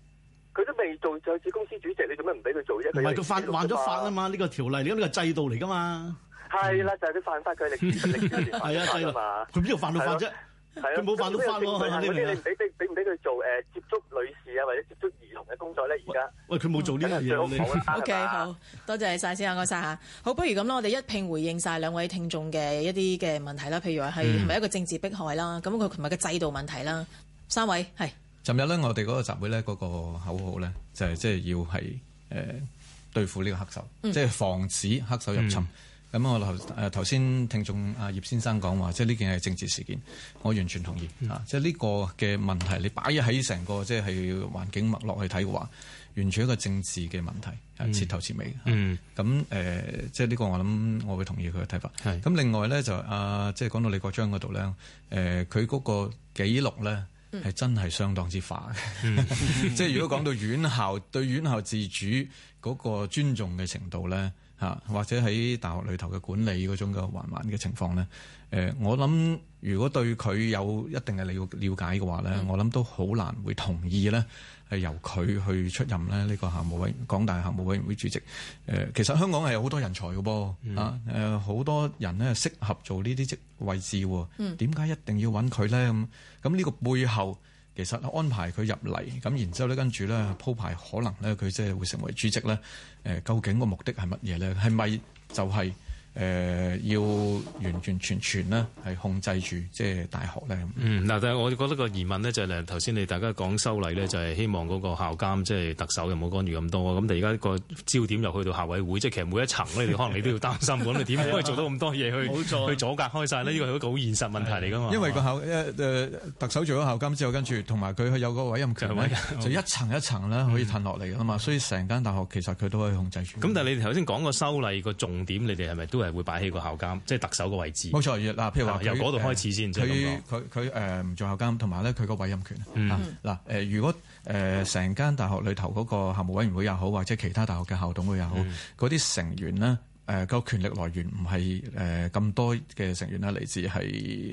佢都未做上市公司主席，你做咩唔俾佢做啫？唔係佢犯犯咗法啊嘛，呢、這個條例，呢個制度嚟噶嘛，係啦，就係、是、啲犯法，佢係逆逆天，係啊係啊嘛，佢邊度犯到法啫？係啊，佢冇犯到法咯。你俾俾唔俾佢做誒、呃，接觸女士啊，或者接觸。喂，佢冇做呢樣嘢。O、okay, K，好多謝晒先啊，多謝嚇。好，不如咁啦，我哋一並回應晒兩位聽眾嘅一啲嘅問題啦。譬如話係唔係一個政治迫害啦？咁佢尋日嘅制度問題啦。三位係。尋日咧，我哋嗰個集會咧，嗰、那個口號咧，就係即係要係誒、呃、對付呢個黑手，即、嗯、係防止黑手入侵。嗯嗯咁我頭誒頭先聽眾啊葉先生講話，即呢件係政治事件，我完全同意、嗯、啊！即呢個嘅問題，你擺喺成個即係環境脈落去睇嘅話，完全一個政治嘅問題、啊，切頭切尾。嗯，咁誒、呃，即呢個我諗，我會同意佢嘅睇法。咁另外咧就啊，即係講到李國章嗰度咧，誒佢嗰個記錄咧係、嗯、真係相當之化嘅。嗯、 即如果講到院校對院校自主嗰個尊重嘅程度咧。嚇，或者喺大學裏頭嘅管理嗰種嘅環環嘅情況咧，誒，我諗如果對佢有一定嘅了解嘅話咧，我諗都好難會同意咧，係由佢去出任咧呢個校務委員港大校務委員會主席。誒，其實香港係有好多人才㗎噃，好、嗯、多人咧適合做呢啲職位置喎。點解一定要揾佢咧？咁咁呢個背後？其實安排佢入嚟，咁然之後咧，跟住咧鋪排，可能咧佢即係會成為主席咧。誒，究竟個目的係乜嘢咧？係咪就係、係？誒、呃、要完完全全咧係控制住，即係大學咧。嗯，嗱，但係我覺得呢個疑問咧就係咧，頭先你大家講修例咧，就係、是、希望嗰個校監即係、就是、特首又冇干預咁多咁但係而家個焦點又去到校委會，即係其實每一層咧，你可能你都要擔心嘅。咁 你點可以做到咁多嘢去？ 去阻隔開晒呢？呢、嗯、個係一個好現實問題嚟噶嘛。因為個校誒特首做咗校監之後，跟住同埋佢有，有個委任權，就，是、就一層一層咧可以褪落嚟啊嘛。所以成間大學其實佢都可以控制住。咁、嗯、但係你哋頭先講個修例個重點，你哋係咪都？係會擺起個校監，即係特首個位置。冇錯，嗱，譬如話由嗰度開始先。佢佢佢誒唔做校監，同埋咧佢個委任權。嗱、嗯、誒，如果誒成間大學裏頭嗰個校務委員會又好，或者其他大學嘅校董會又好，嗰、嗯、啲成員咧。誒個權力來源唔係誒咁多嘅成員咧，嚟自係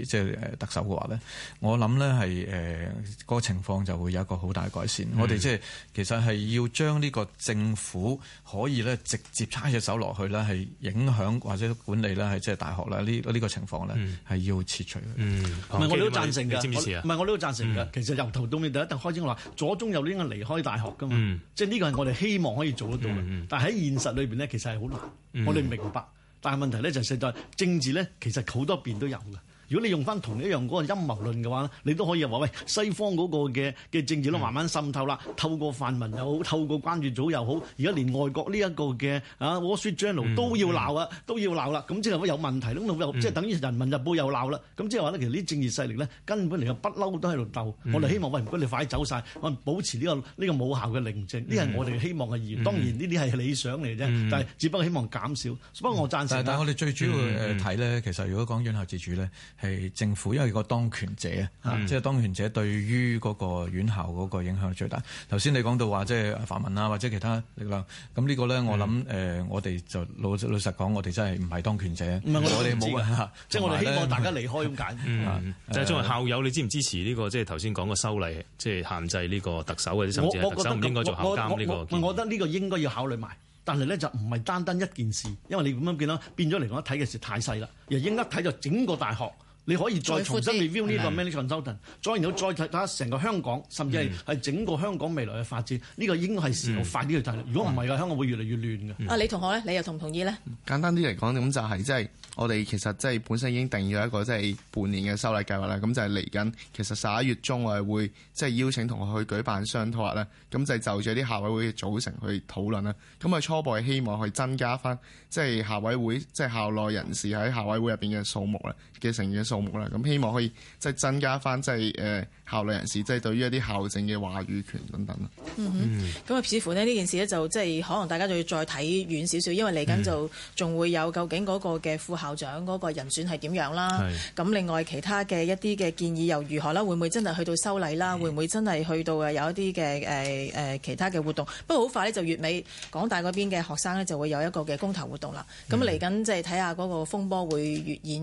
即係誒特首嘅話咧，我諗咧係誒個情況就會有一個好大嘅改善。嗯、我哋即係其實係要將呢個政府可以咧直接插隻手落去咧，係影響或者管理咧係即係大學咧呢個呢個情況咧係要撤除。唔、嗯、係、嗯嗯、我哋都贊成嘅，唔係我哋都贊成嘅。其實由頭到尾，第一定開始我話，左中右呢應該離開大學噶嘛、嗯，即係呢個係我哋希望可以做得到嘅、嗯嗯。但係喺現實裏邊咧，其實係好難。我哋明白，但係問題咧就係實在政治咧，其實好多邊都有嘅。如果你用翻同一樣嗰個陰謀論嘅話咧，你都可以話喂，西方嗰個嘅嘅政治都慢慢滲透啦，透過泛民又好，透過關注組又好，而家連外國呢、這、一個嘅啊，我說 journal 都要鬧啊、嗯，都要鬧啦。咁即係乜有問題咧？即、嗯、係、就是、等於人民日報又鬧啦。咁即係話咧，其實啲政治勢力咧根本嚟講不嬲都喺度鬥。嗯、我哋希望喂，唔該你快啲走曬，我保持呢、這個呢、這個冇效嘅寧靜。呢、嗯、係我哋希望嘅意義、嗯。當然呢啲係理想嚟啫、嗯，但係只不過希望減少。嗯、不過我贊成。但係我哋最主要睇咧、嗯呃，其實如果講院校自主咧。係政府，因為個當權者啊，即、就、係、是、當權者對於嗰個院校嗰個影響最大。頭先你講到話即係泛民啊，或者其他力量。咁呢個咧，我諗誒、嗯呃，我哋就老老實講，我哋真係唔係當權者，嗯、我哋冇即係我哋希望大家離開咁解、嗯。嗯即係作為校友，你支唔支持呢、這個即係頭先講嘅修例，即、就、係、是、限制呢個特首或者甚至係特首唔應該做校監呢、這個我覺得呢個應該要考慮埋。但係咧就唔係單單一件事，因為你咁樣變咗變咗嚟講睇嘅事太細啦，又應該睇咗整個大學。你可以再重新 review 呢個 management 是是《m a n a g e n s t h o r n t 再然後再睇睇下成個香港，甚至係整個香港未來嘅發展呢、mm. 個應該係時候快啲去睇啦。Mm. 如果唔係嘅，香港會越嚟越亂嘅。Mm. 啊，李同學咧，你又同唔同意咧？簡單啲嚟講，咁就係即係我哋其實即係本身已經定咗一個即係半年嘅修例計劃啦。咁就係嚟緊，其實十一月中我哋會即係邀請同學去舉辦商討啦。咁就係就住啲校委會嘅組成去討論啦。咁啊，初步係希望去增加翻即係校委會即係校內人士喺校委會入邊嘅數目啦。嘅成員嘅數目啦，咁希望可以即係增加翻即係誒校內人士，即係對於一啲校政嘅話語權等等啦。咁、嗯、啊，似乎咧呢件事呢，就即係可能大家就要再睇遠少少，因為嚟緊就仲、嗯、會有究竟嗰個嘅副校長嗰個人選係點樣啦。咁另外其他嘅一啲嘅建議又如何啦？會唔會真係去到修禮啦？會唔會真係去到有一啲嘅誒誒其他嘅活動？不過好快呢，就月尾，港大嗰邊嘅學生呢，就會有一個嘅公投活動啦。咁嚟緊即係睇下嗰個風波會越演。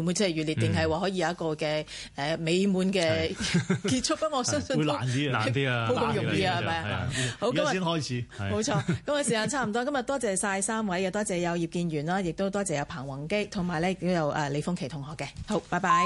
會唔會即係愈烈？定係話可以有一個嘅誒美滿嘅結束？不、嗯， 我相信會難啲啊，啊，難啲啊，冇咁容易啊，係咪啊，啊，啊？好，今日先開始，冇錯。咁 日時間差唔多，今日多謝晒三位嘅，多謝有葉建源啦，亦 都多謝有彭泓基，同埋咧都有誒李峰琦同學嘅。好，拜拜。